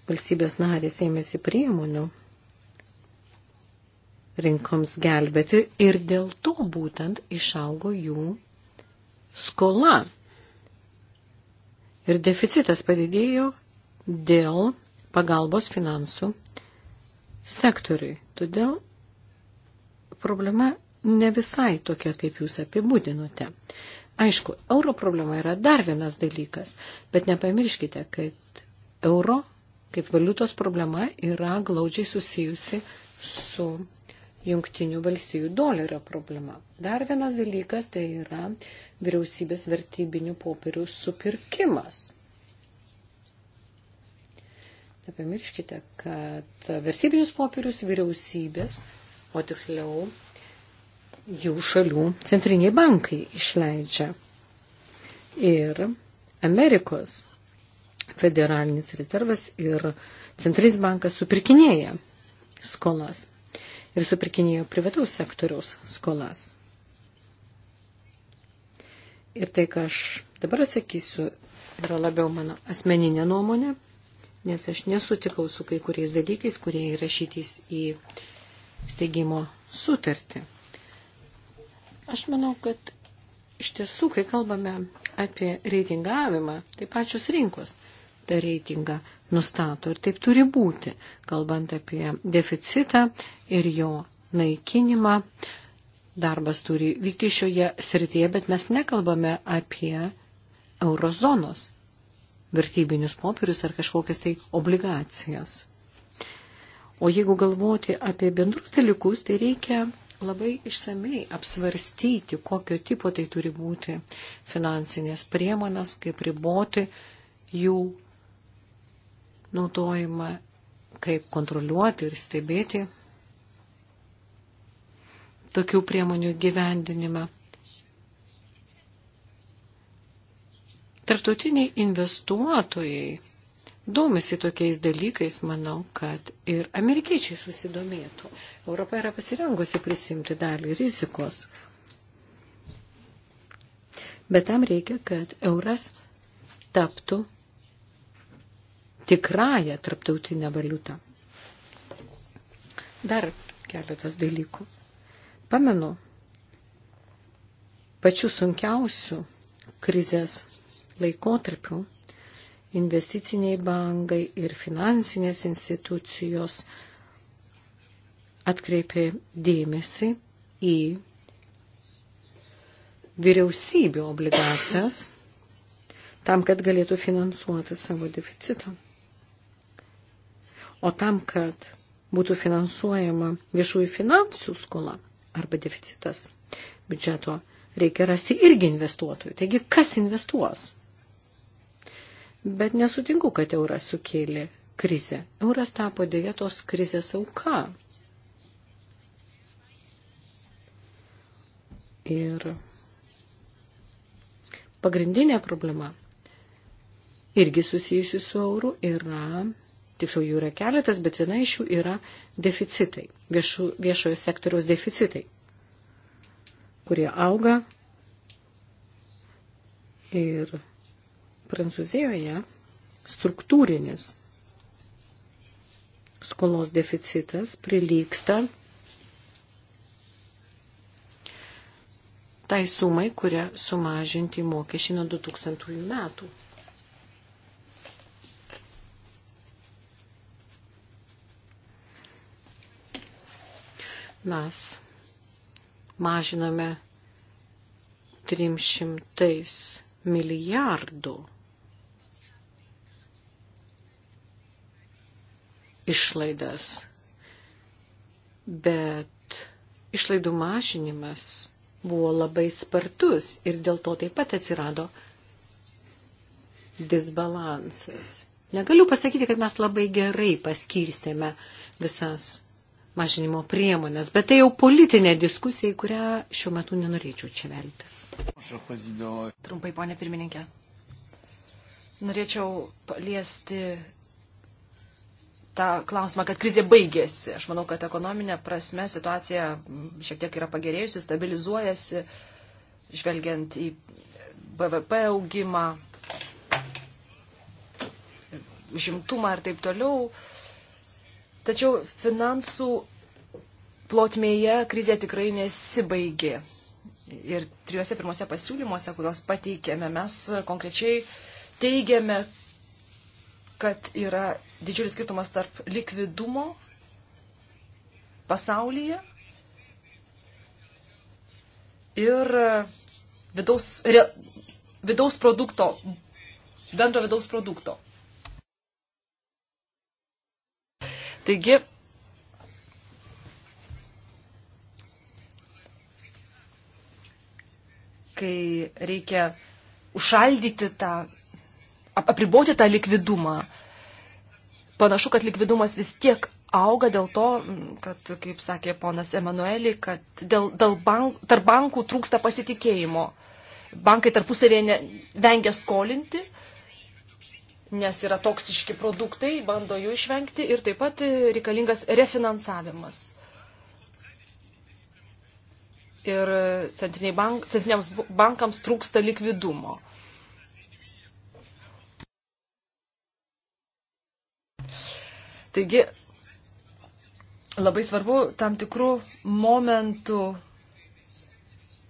S3: Valstybės narės ėmėsi priemonių rinkoms gelbėti ir dėl to būtent išaugo jų skola. Ir deficitas padidėjo dėl pagalbos finansų sektoriui. Todėl problema ne visai tokia, kaip jūs apibūdinote. Aišku, euro problema yra dar vienas dalykas, bet nepamirškite, kad euro kaip valiutos problema yra glaudžiai susijusi su jungtinių valstybių dolerio problema. Dar vienas dalykas tai yra vyriausybės vertybinių popierių supirkimas. Nepamirškite, kad vertybinius popierius vyriausybės, o tiksliau jų šalių centriniai bankai išleidžia. Ir Amerikos federalinis rezervas ir centrinis bankas supirkinėja skolas ir supirkinėjo privataus sektoriaus skolas. Ir tai, ką aš dabar sakysiu, yra labiau mano asmeninė nuomonė, nes aš nesutikau su kai kuriais dalykais, kurie įrašytys į steigimo sutartį. Aš manau, kad iš tiesų, kai kalbame apie reitingavimą, tai pačios rinkos tą reitingą nustato ir taip turi būti, kalbant apie deficitą ir jo naikinimą. Darbas turi vykti šioje srityje, bet mes nekalbame apie eurozonos vertybinius popierius ar kažkokias tai obligacijas. O jeigu galvoti apie bendrus dalykus, tai reikia labai išsamei apsvarstyti, kokio tipo tai turi būti finansinės priemonės, kaip riboti jų naudojimą, kaip kontroliuoti ir stebėti tokių priemonių gyvendinimą. Tartutiniai investuotojai domisi tokiais dalykais, manau, kad ir amerikiečiai susidomėtų. Europa yra pasirengusi prisimti dalį rizikos. Bet tam reikia, kad euras taptų tikrąją tarptautinę valiutą. Dar keletas dalykų. Pamenu, pačių sunkiausių krizės laikotarpių investiciniai bankai ir finansinės institucijos atkreipė dėmesį į vyriausybių obligacijas tam, kad galėtų finansuoti savo deficitą. O tam, kad būtų finansuojama viešųjų finansų skola arba deficitas biudžeto, reikia rasti irgi investuotojų. Taigi, kas investuos? Bet nesutinku, kad euras sukėlė krizę. Euras tapo dėja tos krizės auka. Ir pagrindinė problema irgi susijusi su euru yra, tiksliau jų yra keletas, bet viena iš jų yra deficitai, viešu, viešojo sektoriaus deficitai, kurie auga ir Prancūzijoje struktūrinis skolos deficitas prilyksta tai sumai, kurią sumažinti mokesčiai nuo 2000 metų. Mes mažiname 300 milijardų išlaidas, bet išlaidų mažinimas buvo labai spartus ir dėl to taip pat atsirado disbalansas. Negaliu pasakyti, kad mes labai gerai paskirstėme visas mažinimo priemonės, bet tai jau politinė diskusija, į kurią šiuo metu nenorėčiau čia veltis. Trumpai, ponė pirmininkė.
S1: Norėčiau paliesti tą klausimą, kad krizė baigėsi. Aš manau, kad ekonominė prasme situacija šiek tiek yra pagerėjusi, stabilizuojasi, žvelgiant į BVP augimą, žimtumą ir taip toliau. Tačiau finansų plotmėje krizė tikrai nesibaigė. Ir trijuose pirmose pasiūlymuose, kuriuos pateikėme, mes konkrečiai teigiame, kad yra didžiulis skirtumas tarp likvidumo pasaulyje ir e, vidaus, re, vidaus produkto, bendro vidaus produkto. Taigi, kai reikia užšaldyti tą, apriboti tą likvidumą, panašu, kad likvidumas vis tiek auga dėl to, kad, kaip sakė ponas Emanueli, kad dėl, dėl bank, tarp bankų trūksta pasitikėjimo. Bankai tarpusavėje ne, vengia skolinti, nes yra toksiški produktai, bando jų išvengti ir taip pat reikalingas refinansavimas. Ir bank, centriniams bankams trūksta likvidumo. Taigi labai svarbu tam tikrų momentų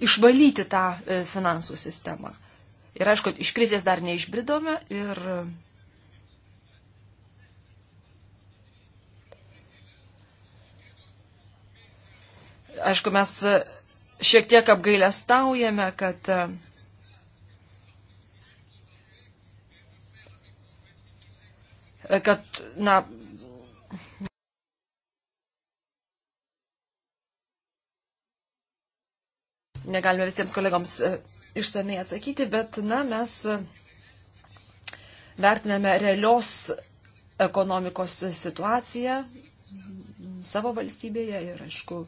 S1: išvalyti tą e, finansų sistemą. Ir aišku, iš krizės dar neišbridome ir aišku, mes e, šiek tiek apgailę staujame, kad e, kad, na, negalime visiems kolegoms e, išsamei atsakyti, bet, na, mes e, vertiname realios ekonomikos situaciją savo valstybėje ir, aišku,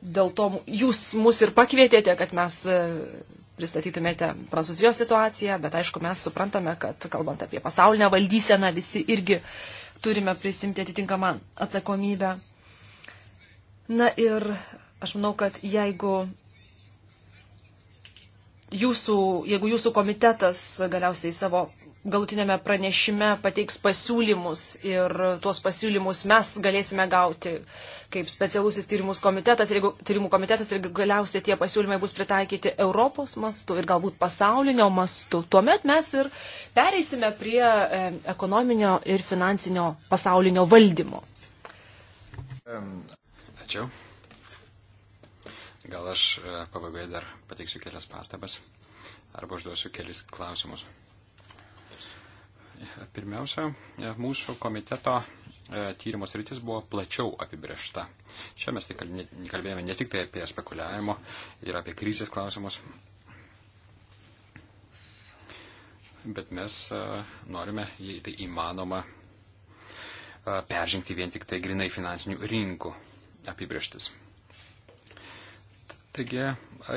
S1: dėl to jūs mus ir pakvietėte, kad mes e, pristatytumėte Prancūzijos situaciją, bet aišku, mes suprantame, kad kalbant apie pasaulinę valdyseną, visi irgi turime prisimti atitinkamą atsakomybę. Na ir Aš manau, kad jeigu jūsų, jeigu jūsų komitetas galiausiai savo galutinėme pranešime pateiks pasiūlymus ir tuos pasiūlymus mes galėsime gauti kaip specialusis tyrimus komitetas, jeigu, tyrimų komitetas ir galiausiai tie pasiūlymai bus pritaikyti Europos mastu ir galbūt pasaulinio mastu, tuomet mes ir pereisime prie e, ekonominio ir finansinio pasaulinio valdymo. Ačiū.
S2: Gal aš e, pabaigoje dar pateiksiu kelias pastabas arba užduosiu kelis klausimus. E, pirmiausia, e, mūsų komiteto tyrimos rytis buvo plačiau apibriešta. Čia mes kalbėjome ne tik tai apie spekuliavimo ir apie krizės klausimus, bet mes norime, jei tai įmanoma, peržengti vien tik tai grinai finansinių rinkų apibrieštis. Taigi,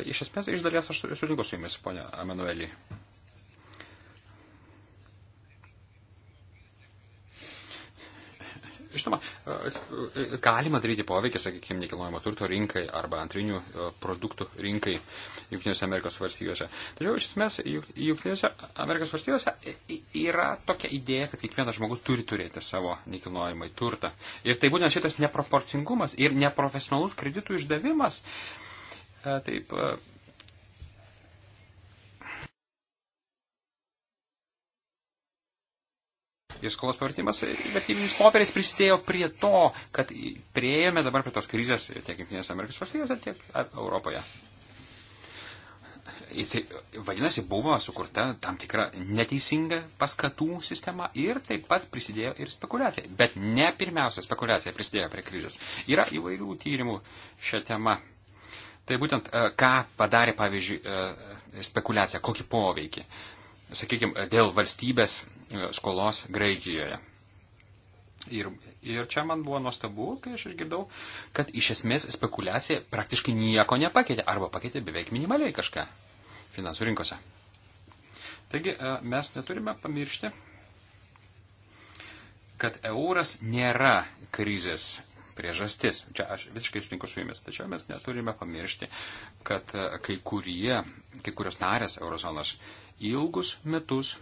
S2: iš esmės, iš dalies aš sutinku su jumis, ponia Emanuelį. Žinoma, galima daryti poveikį, sakykime, nekilnojamo turto rinkai arba antrinių produktų rinkai Junktinėse Amerikos valstijose. Tačiau iš esmės Junktinėse Amerikos valstijose yra tokia idėja, kad kiekvienas žmogus turi turėti savo nekilnojamą turtą. Ir tai būtent šitas neproporcingumas ir neprofesionalus kreditų išdavimas uh, E, taip. E, ir skolos pavertimas e, vertybinis popieriais prisidėjo prie to, kad prieėjome dabar prie tos krizės tiek Junktinėse Amerikos valstybėse, tiek Europoje. Tai, vadinasi, buvo sukurta tam tikra neteisinga paskatų sistema ir taip pat prisidėjo ir spekulacija. Bet ne pirmiausia spekulacija prisidėjo prie krizės. Yra įvairių tyrimų šią temą. Tai būtent e, ką padarė, pavyzdžiui, e, spekulacija, kokį poveikį, sakykime, dėl valstybės e, skolos Graikijoje. Ir, ir čia man buvo nuostabu, kai aš išgirdau, kad iš esmės spekulacija praktiškai nieko nepakeitė arba pakeitė beveik minimaliai kažką finansų rinkose. Taigi mes neturime pamiršti, kad euras nėra krizės priežastis. Čia aš visiškai sutinku su jumis, tačiau mes neturime pamiršti, kad e, kai, kurie, kai kurios narės eurozonos ilgus metus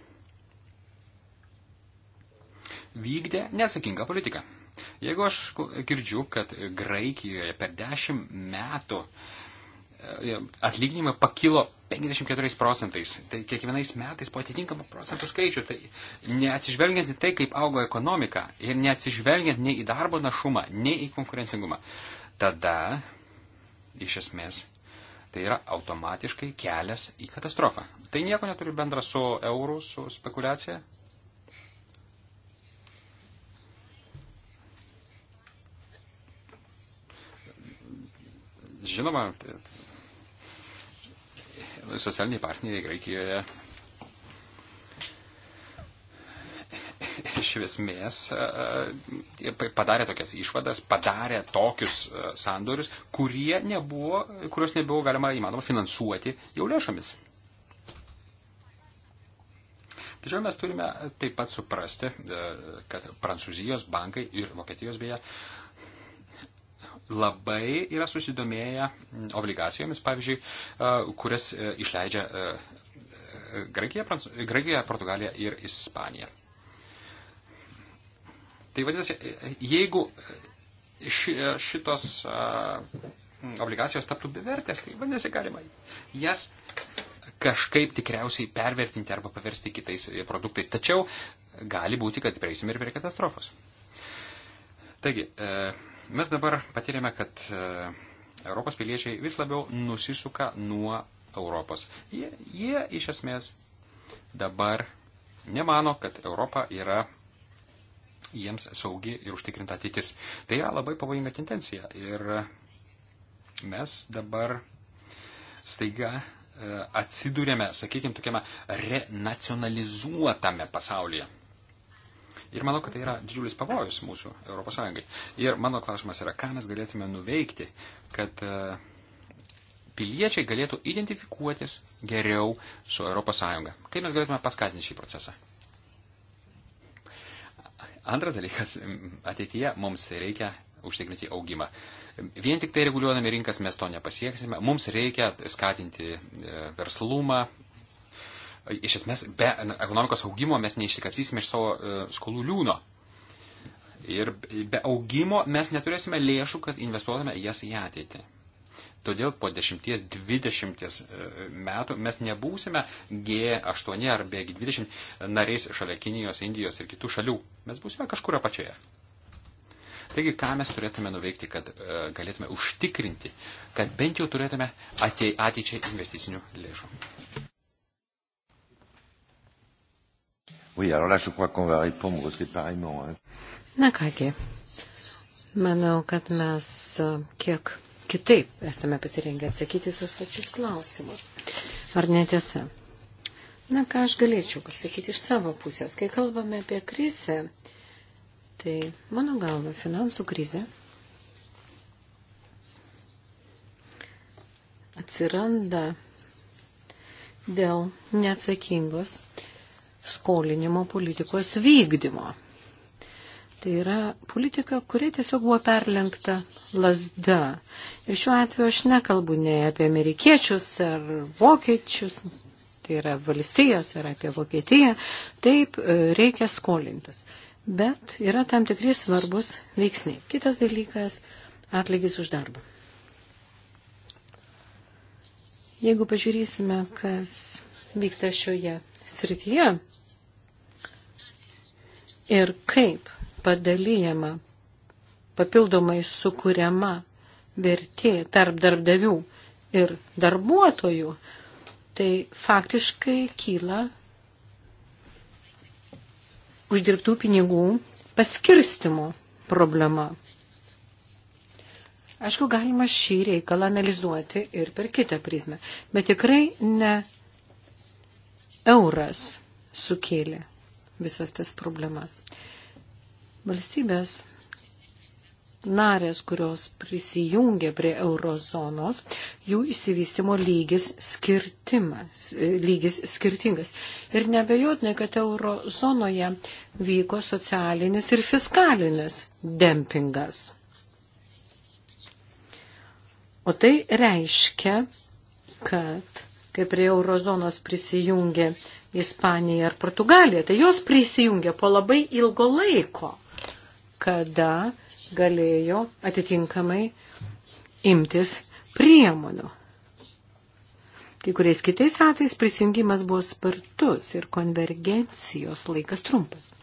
S2: vykdė nesakingą politiką. Jeigu aš girdžiu, kad Graikijoje per dešimt metų e, atlyginimai pakilo 54 procentais. Tai kiekvienais metais po atitinkamą procentų skaičių. Tai neatsižvelgiant į tai, kaip augo ekonomika ir neatsižvelgiant nei į darbo našumą, nei į konkurencingumą, tada iš esmės tai yra automatiškai kelias į katastrofą. Tai nieko neturi bendra su eurų, su spekulacija. Žinoma, tai socialiniai partneriai Graikijoje iš esmės e, e, e, padarė tokias išvadas, padarė tokius sandorius, nebuvo, kurios nebuvo galima įmanoma finansuoti jau lėšomis. Tačiau mes turime taip pat suprasti, kad Prancūzijos bankai ir Vokietijos beje labai yra susidomėję obligacijomis, pavyzdžiui, kurias e, išleidžia e, e, Graikija, Prancu... Graikija, Portugalija ir Ispanija. Tai vadinasi, jeigu ši, šitos obligacijos taptų bevertės, tai vadinasi, galima jas kažkaip tikriausiai pervertinti arba paversti kitais produktais. Tačiau gali būti, kad prieisime ir prie katastrofos. Taigi, e, Mes dabar patyrėme, kad e, Europos piliečiai vis labiau nusisuka nuo Europos. Jie, jie iš esmės dabar nemano, kad Europa yra jiems saugi ir užtikrinta ateitis. Tai yra labai pavojinga tendencija. Ir mes dabar staiga e, atsidūrėme, sakykime, tokiame renacionalizuotame pasaulyje. Ir manau, kad tai yra didžiulis pavojus mūsų ES. Ir mano klausimas yra, ką mes galėtume nuveikti, kad e, piliečiai galėtų identifikuotis geriau su ES. Kaip mes galėtume paskatinti šį procesą? Antras dalykas, ateityje mums reikia užtikrinti augimą. Vien tik tai reguliuodami rinkas mes to nepasieksime. Mums reikia skatinti e, verslumą, iš esmės be ekonomikos augimo mes neišsikapsysime iš savo e, skolų liūno. Ir be augimo mes neturėsime lėšų, kad investuotume jas į ateitį. Todėl po 10-20 e, metų mes nebūsime G8 ar G20 nariais šalia Kinijos, Indijos ir kitų šalių. Mes būsime kažkur apačioje. Taigi, ką mes turėtume nuveikti, kad e, galėtume užtikrinti, kad bent jau turėtume ateičiai investicinių lėšų.
S3: Oui, alors là, je crois qu'on va répondre séparément. Hein. Na kągi, manau, kad mes uh, kiek kitaip esame pasirengę atsakyti susačius klausimus. Ar netiesa? Na ką aš galėčiau pasakyti iš savo pusės. Kai kalbame apie krizę, tai mano galva finansų krizė atsiranda dėl neatsakingos skolinimo politikos vykdymo. Tai yra politika, kuria tiesiog buvo perlenkta lasda. Ir šiuo atveju aš nekalbu ne apie amerikiečius ar vokiečius, tai yra valstijas ar apie Vokietiją. Taip e, reikia skolintas. Bet yra tam tikri svarbus veiksniai. Kitas dalykas - atlygis už darbą. Jeigu pažiūrėsime, kas vyksta šioje srityje, ir kaip padalyjama, papildomai sukūriama vertė tarp darbdavių ir darbuotojų, tai faktiškai kyla uždirbtų pinigų paskirstimo problema. Aišku, galima šį reikalą analizuoti ir per kitą prizmę, bet tikrai ne euras sukėlė visas tas problemas. Valstybės narės, kurios prisijungia prie eurozonos, jų įsivystimo lygis, lygis skirtingas. Ir nebejotinai, kad eurozonoje vyko socialinis ir fiskalinis dempingas. O tai reiškia, kad kai prie eurozonos prisijungia Ispanija ar Portugalija, tai jos prisijungė po labai ilgo laiko, kada galėjo atitinkamai imtis priemonių. Kai kuriais kitais atvejais prisijungimas buvo spartus ir konvergencijos laikas trumpas.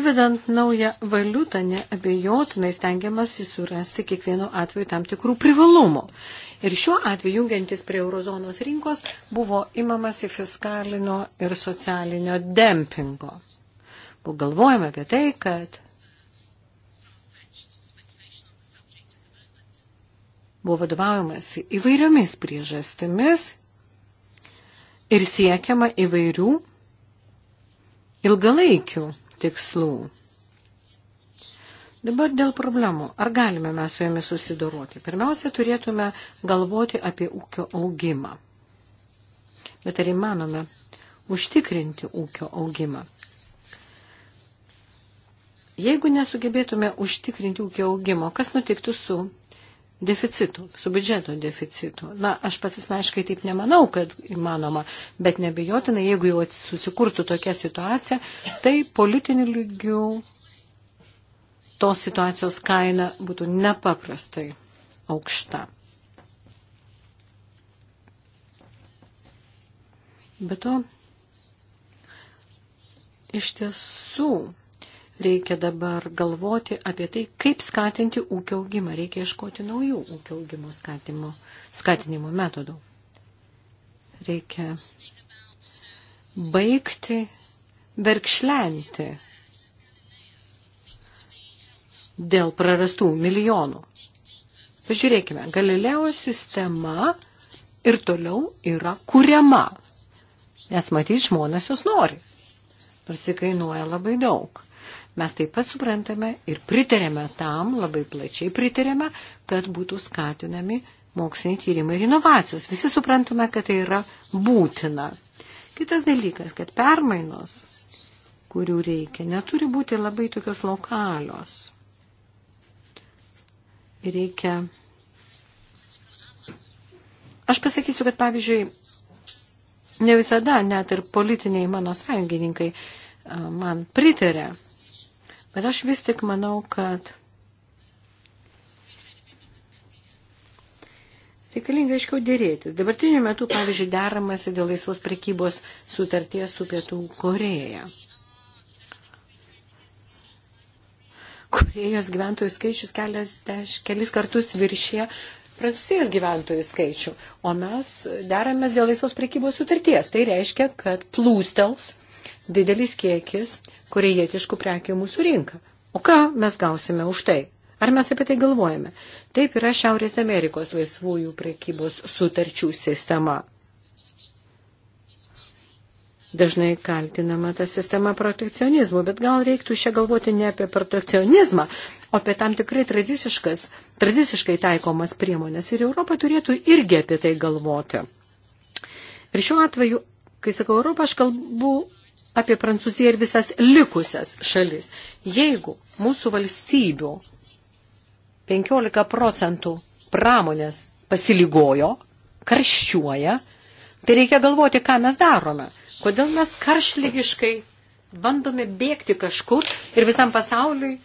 S3: Įvedant naują valiutą, neabejotinai stengiamasi surasti kiekvienu atveju tam tikrų privalumų. Ir šiuo atveju, jungiantis prie eurozonos rinkos, buvo imamasi fiskalinio ir socialinio dempingo. Buvo galvojama apie tai, kad buvo vadovaujamas įvairiomis priežastimis ir siekiama įvairių ilgalaikių tikslų. Dabar dėl problemų. Ar galime mes su jomis susidoroti? Pirmiausia, turėtume galvoti apie ūkio augimą. Bet ar įmanome užtikrinti ūkio augimą? Jeigu nesugebėtume užtikrinti ūkio augimo, kas nutiktų su deficitu, su biudžeto deficitu. Na, aš pats asmeniškai taip nemanau, kad įmanoma, bet nebejotinai, jeigu jau susikurtų tokia situacija, tai politinių lygių tos situacijos kaina būtų nepaprastai aukšta. Bet to iš tiesų reikia dabar galvoti apie tai, kaip skatinti ūkio augimą. Reikia iškoti naujų ūkio augimo skatinimo, skatinimo metodų. Reikia baigti verkšlenti dėl prarastų milijonų. Pažiūrėkime, Galileo sistema ir toliau yra kuriama, nes matys žmonės jos nori, nors įkainuoja labai daug. Mes taip pat suprantame ir pritarėme tam, labai plačiai pritarėme, kad būtų skatinami moksliniai tyrimai ir inovacijos. Visi suprantame, kad tai yra būtina. Kitas dalykas, kad permainos, kurių reikia, neturi būti labai tokios lokalios reikia. Aš pasakysiu, kad pavyzdžiui, ne visada net ir politiniai mano sąjungininkai man pritarė, bet aš vis tik manau, kad reikalinga aiškiau dėrėtis. Dabartiniu metu, pavyzdžiui, deramasi dėl laisvos prekybos sutarties su Pietų Koreja. Korejos gyventojų skaičius kelias, kelis kartus viršė Prancūzijos gyventojų skaičių, o mes deramės dėl laisvos prekybos sutarties. Tai reiškia, kad plūstels didelis kiekis korejietiškų prekių mūsų rinką. O ką mes gausime už tai? Ar mes apie tai galvojame? Taip yra Šiaurės Amerikos laisvųjų prekybos sutarčių sistema dažnai kaltinama ta sistema protekcionizmu, bet gal reiktų čia galvoti ne apie protekcionizmą, o apie tam tikrai tradiciškas, tradiciškai taikomas priemonės. Ir Europa turėtų irgi apie tai galvoti. Ir šiuo atveju, kai sakau Europą, aš kalbu apie Prancūziją ir visas likusias šalis. Jeigu mūsų valstybių 15 procentų pramonės pasiligojo, karščiuoja, tai reikia galvoti, ką mes darome. Kodėl mes karšlygiškai bandome bėgti kažkur ir visam pasauliui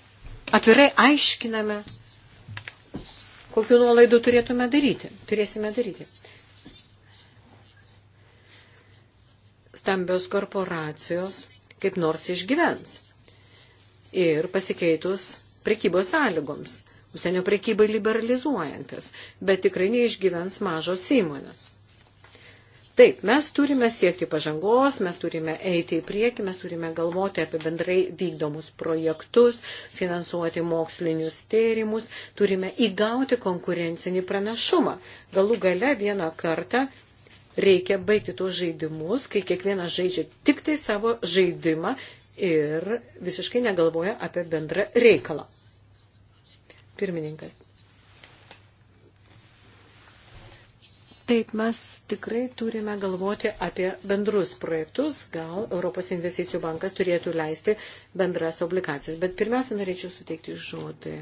S3: atvirai aiškiname, kokiu nuolaidų turėtume daryti, turėsime daryti. Stambios korporacijos kaip nors išgyvens ir pasikeitus prekybos sąlygoms, užsienio prekybai liberalizuojantis, bet tikrai neišgyvens mažos įmonės. Taip, mes turime siekti pažangos, mes turime eiti į priekį, mes turime galvoti apie bendrai vykdomus projektus, finansuoti mokslinius tyrimus, turime įgauti konkurencinį pranašumą. Galų gale vieną kartą reikia baigti tuos žaidimus, kai kiekvienas žaidžia tik tai savo žaidimą ir visiškai negalvoja apie bendrą reikalą. Pirmininkas. Taip, mes tikrai turime galvoti apie bendrus projektus. Gal Europos investicijų bankas turėtų leisti bendras obligacijas. Bet pirmiausia, norėčiau suteikti žodį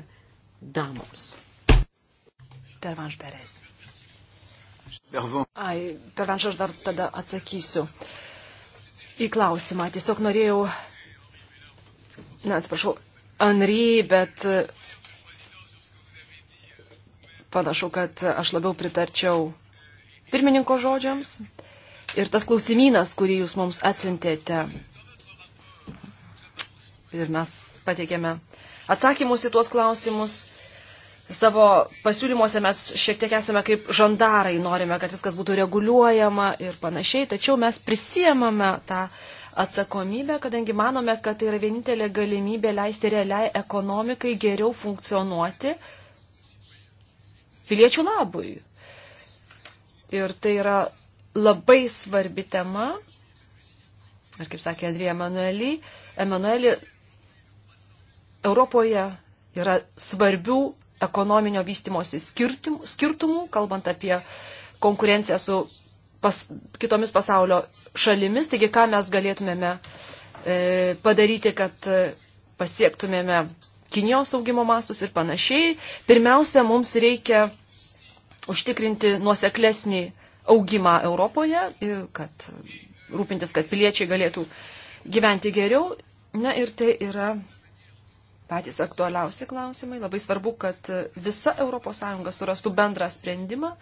S3: damoms. Pervanš Perez.
S1: Ai, pervanš, aš dar tada atsakysiu į klausimą. Tiesiog norėjau, na, atsiprašau, Anry, bet e, panašu, kad aš labiau pritarčiau pirmininko žodžiams ir tas klausimynas, kurį jūs mums atsiuntėte. Ir mes pateikėme atsakymus į tuos klausimus. Savo pasiūlymuose mes šiek tiek esame kaip žandarai, norime, kad viskas būtų reguliuojama ir panašiai, tačiau mes prisijemame tą atsakomybę, kadangi manome, kad tai yra vienintelė galimybė leisti realiai ekonomikai geriau funkcionuoti piliečių labui Ir tai yra labai svarbi tema. Ar kaip sakė Andrija Emanuelį, Emanuelį, Europoje yra svarbių ekonominio vystimosi skirtumų, skirtumų kalbant apie konkurenciją su pas, kitomis pasaulio šalimis. Taigi, ką mes galėtumėme e, padaryti, kad e, pasiektumėme Kinijos augimo mastus ir panašiai. Pirmiausia, mums reikia užtikrinti nuoseklesnį augimą Europoje, kad rūpintis, kad piliečiai galėtų gyventi geriau. Na ir tai yra patys aktualiausi klausimai. Labai svarbu, kad visa ES surastų bendrą sprendimą.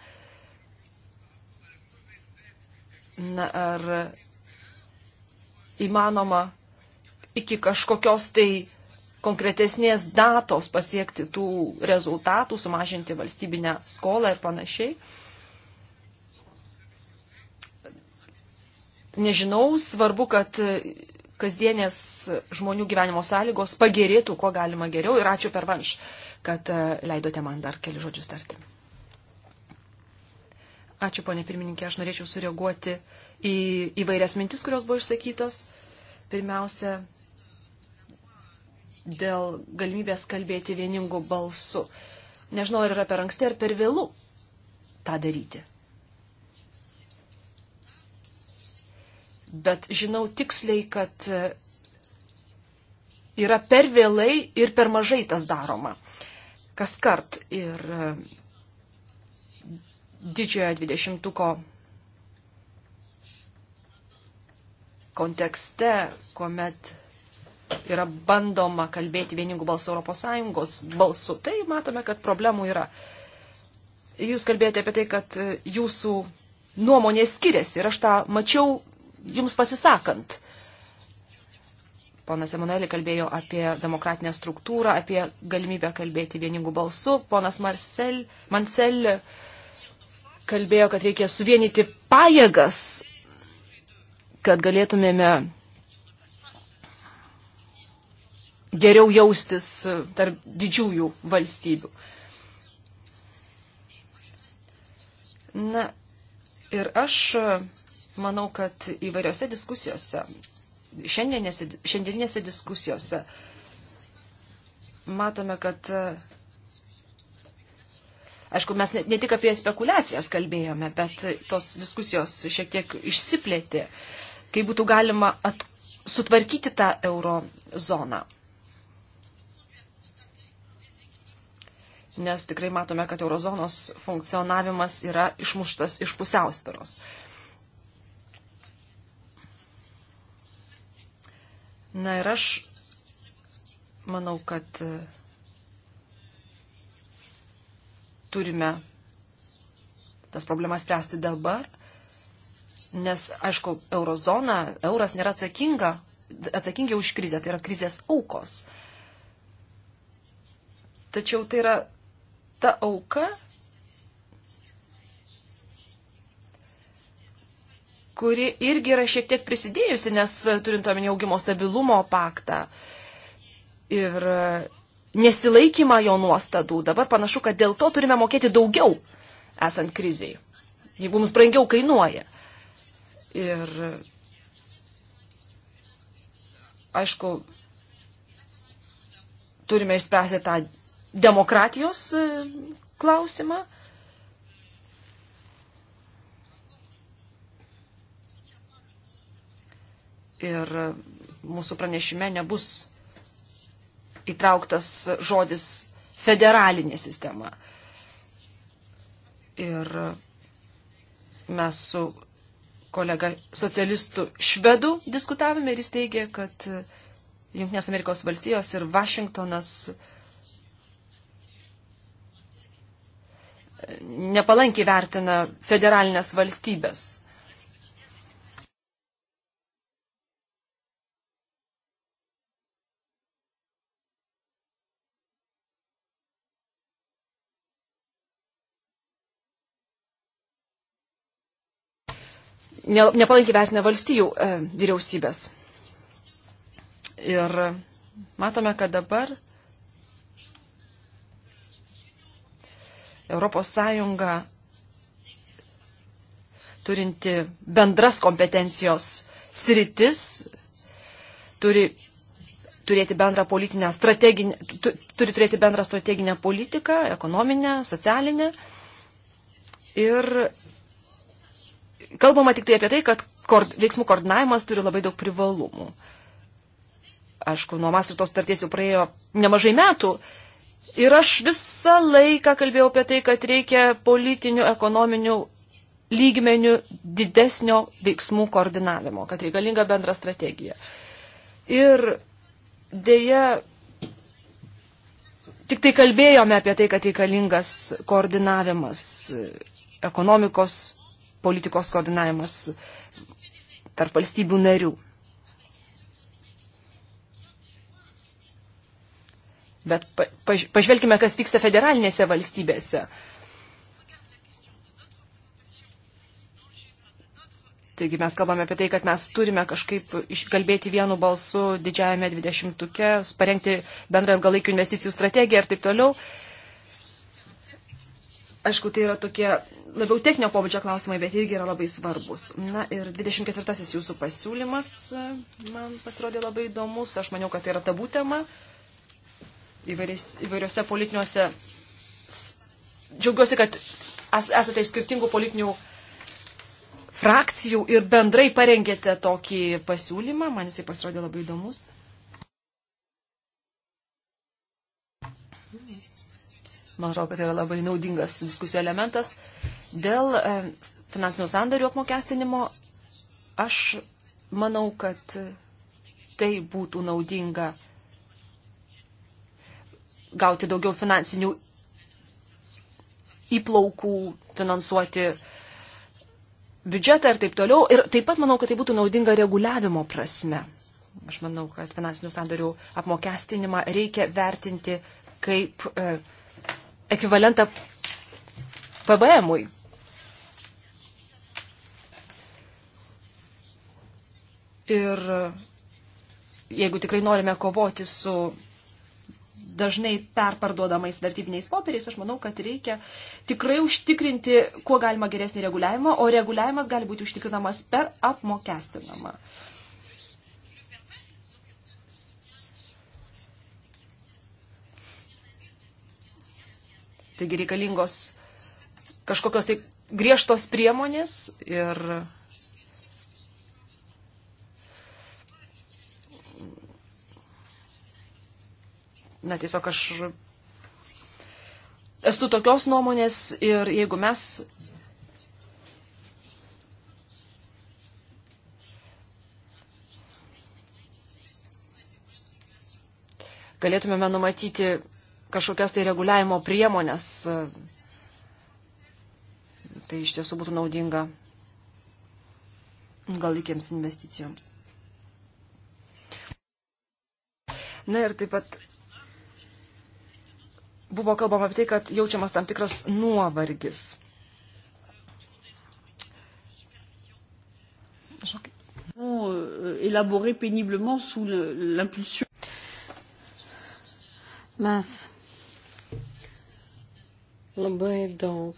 S1: Na ar įmanoma iki kažkokios tai konkretesnės datos pasiekti tų rezultatų, sumažinti valstybinę skolą ir panašiai. Nežinau, svarbu, kad kasdienės žmonių gyvenimo sąlygos pagerėtų, kuo galima geriau. Ir ačiū per vanš, kad e, leidote man dar keli žodžius tarti. Ačiū, ponė pirmininkė, aš norėčiau sureaguoti į įvairias mintis, kurios buvo išsakytos. Pirmiausia, dėl galimybės kalbėti vieningu balsu. Nežinau, ar yra per anksti ar per vėlų tą daryti. Bet žinau tiksliai, kad yra per vėlai ir per mažai tas daroma. Kas kart ir e, didžiojo dvidešimtuko kontekste, kuomet yra bandoma kalbėti vieningų balsų Europos Sąjungos balsu, tai matome, kad problemų yra. Jūs kalbėjote apie tai, kad jūsų nuomonė skiriasi ir aš tą mačiau jums pasisakant. Ponas Emanuelį kalbėjo apie demokratinę struktūrą, apie galimybę kalbėti vieningų balsų. Ponas Marcel, Mansel kalbėjo, kad reikia suvienyti pajėgas, kad galėtumėme geriau jaustis tarp didžiųjų valstybių. Na ir aš manau, kad įvairiose diskusijose, šiandieninėse, šiandieninėse diskusijose matome, kad Aišku, mes ne, ne tik apie spekulacijas kalbėjome, bet tos diskusijos šiek tiek išsiplėtė, kaip būtų galima at, sutvarkyti tą euro zoną. nes tikrai matome, kad eurozonos funkcionavimas yra išmuštas iš pusiausviros. Na ir aš manau, kad e, turime tas problemas spręsti dabar, nes, aišku, eurozona, euras nėra atsakinga, atsakingi už krizę, tai yra krizės aukos. Tačiau tai yra ta auka, kuri irgi yra šiek tiek prisidėjusi, nes turint omenyje augimo stabilumo paktą ir nesilaikymą jo nuostadų, dabar panašu, kad dėl to turime mokėti daugiau esant kriziai, jeigu mums brangiau kainuoja. Ir aišku, turime išspręsti tą demokratijos e, klausimą. Ir mūsų pranešime nebus įtrauktas žodis federalinė sistema. Ir mes su kolega socialistu švedu diskutavome ir jis teigė, kad Junktinės Amerikos valstijos ir Vašingtonas uh, nepalankiai vertina federalinės valstybės. nepalankiai vertina valstijų e, vyriausybės. Ir matome, kad dabar Europos Sąjunga turinti bendras kompetencijos sritis, turi turėti bendrą politinę strateginę, tu, turi turėti bendrą strateginę politiką, ekonominę, socialinę. Ir kalbama tik tai apie tai, kad koord, veiksmų koordinavimas turi labai daug privalumų. Aišku, nuo Mastrito starties jau praėjo nemažai metų, Ir aš visą laiką kalbėjau apie tai, kad reikia politinių, ekonominių lygmenių didesnio veiksmų koordinavimo, kad reikalinga bendra strategija. Ir dėja, tik tai kalbėjome apie tai, kad reikalingas koordinavimas, ekonomikos politikos koordinavimas tarp valstybių narių. Bet paž pažvelkime, kas vyksta federalinėse valstybėse. Taigi mes kalbame apie tai, kad mes turime kažkaip kalbėti vienu balsu didžiajame dvidešimtuke, parengti bendrą ilgalaikių investicijų strategiją ir taip toliau. Aišku, tai yra tokie labiau techninio pobūdžio klausimai, bet irgi yra labai svarbus. Na ir 24-asis jūsų pasiūlymas e, man pasirodė labai įdomus. Aš maniau, kad tai yra tabų tema. Uh, įvairiuose politiniuose. Džiaugiuosi, kad esate iš skirtingų politinių frakcijų ir bendrai parengėte tokį pasiūlymą. Man jisai pasirodė labai įdomus. Man atrodo, kad tai yra labai naudingas diskusijų elementas. Dėl e, finansinių sandarių apmokestinimo aš manau, kad tai būtų naudinga gauti daugiau finansinių įplaukų, finansuoti biudžetą ir taip toliau. Ir taip pat manau, kad tai būtų naudinga reguliavimo prasme. Aš manau, kad finansinių sandarių apmokestinimą reikia vertinti kaip e, ekvivalentą PVM-ui. Ir jeigu tikrai norime kovoti su dažnai perparduodamais vertybiniais popieriais, aš manau, kad reikia tikrai užtikrinti, kuo galima geresnį reguliavimą, o reguliavimas gali būti užtikrinamas per apmokestinamą. Taigi reikalingos kažkokios tai griežtos priemonės ir Na, tiesiog aš esu tokios nuomonės ir jeigu mes galėtumėme numatyti kažkokias tai reguliavimo priemonės, tai iš tiesų būtų naudinga galikiems investicijoms. Na ir taip pat buvo kalbama apie tai, kad jaučiamas tam tikras nuovargis.
S3: Euh, élaboré péniblement sous l'impulsion. Mes labai daug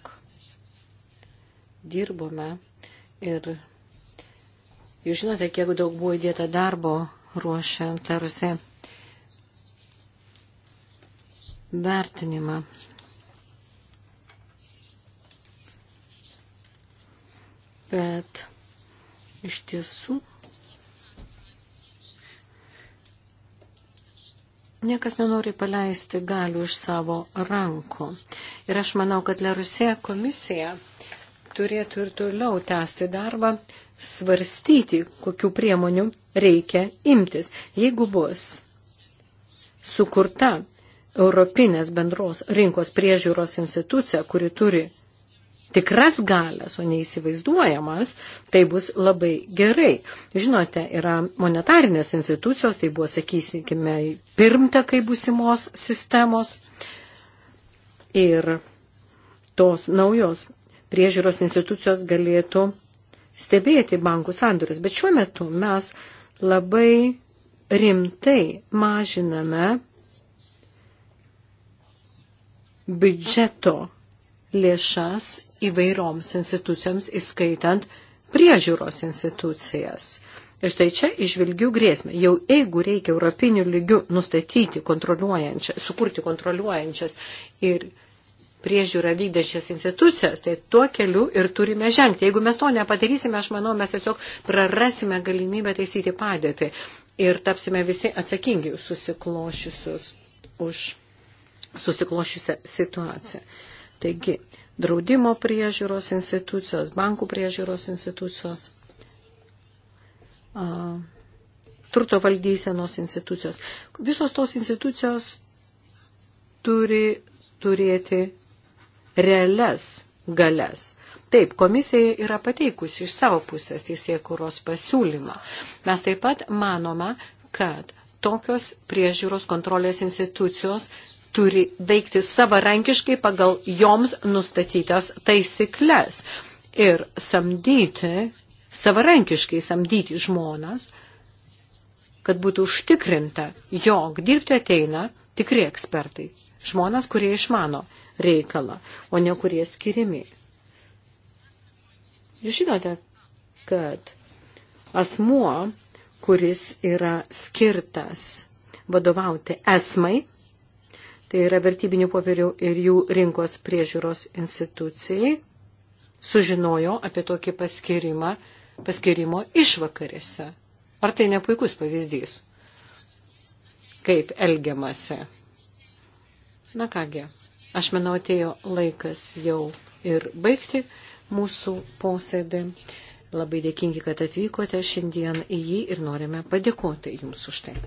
S3: dirbome ir jūs žinote, kiek daug buvo įdėta darbo ruošiant Rusiją vertinimą. Bet iš tiesų niekas nenori paleisti galių iš savo rankų. Ir aš manau, kad Lerusė komisija turėtų ir toliau tęsti darbą, svarstyti, kokiu priemoniu reikia imtis. Jeigu bus sukurta Europinės bendros rinkos priežiūros institucija, kuri turi tikras galės, o neįsivaizduojamas, tai bus labai gerai. Žinote, yra monetarinės institucijos, tai buvo, sakysime, pirmtakai būsimos sistemos. Ir tos naujos priežiūros institucijos galėtų stebėti bankų sandorius. Bet šiuo metu mes labai rimtai mažiname biudžeto lėšas įvairioms institucijoms, įskaitant priežiūros institucijas. Ir štai čia išvilgių grėsmę. Jau jeigu reikia europinių lygių nustatyti kontroliuojančias, sukurti kontroliuojančias ir priežiūrą vykdančias institucijas, tai tuo keliu ir turime žengti. Jeigu mes to nepadarysime, aš manau, mes tiesiog prarasime galimybę taisyti padėtį ir tapsime visi atsakingi susiklošiusius už susiklošiusią situaciją. Taigi, draudimo priežiūros institucijos, bankų priežiūros institucijos, turto valdysenos institucijos. Visos tos institucijos turi turėti realias galės. Taip, komisija yra pateikusi iš savo pusės teisėkuros pasiūlymą. Mes taip pat manome, kad tokios priežiūros kontrolės institucijos turi veikti savarankiškai pagal joms nustatytas taisyklės ir samdyti, savarankiškai samdyti žmonas, kad būtų užtikrinta, jog dirbti ateina tikri ekspertai, žmonas, kurie išmano reikalą, o ne kurie skirimi. Jūs žinote, kad asmuo, kuris yra skirtas vadovauti esmai, tai yra vertybinių popierių ir jų rinkos priežiūros institucijai, sužinojo apie tokį paskirimą, paskirimo išvakarėse. Ar tai ne puikus pavyzdys, kaip elgiamasi? Na kągi, aš manau, atėjo laikas jau ir baigti mūsų posėdį. Labai dėkingi, kad atvykote šiandien į jį ir norime padėkoti Jums už tai.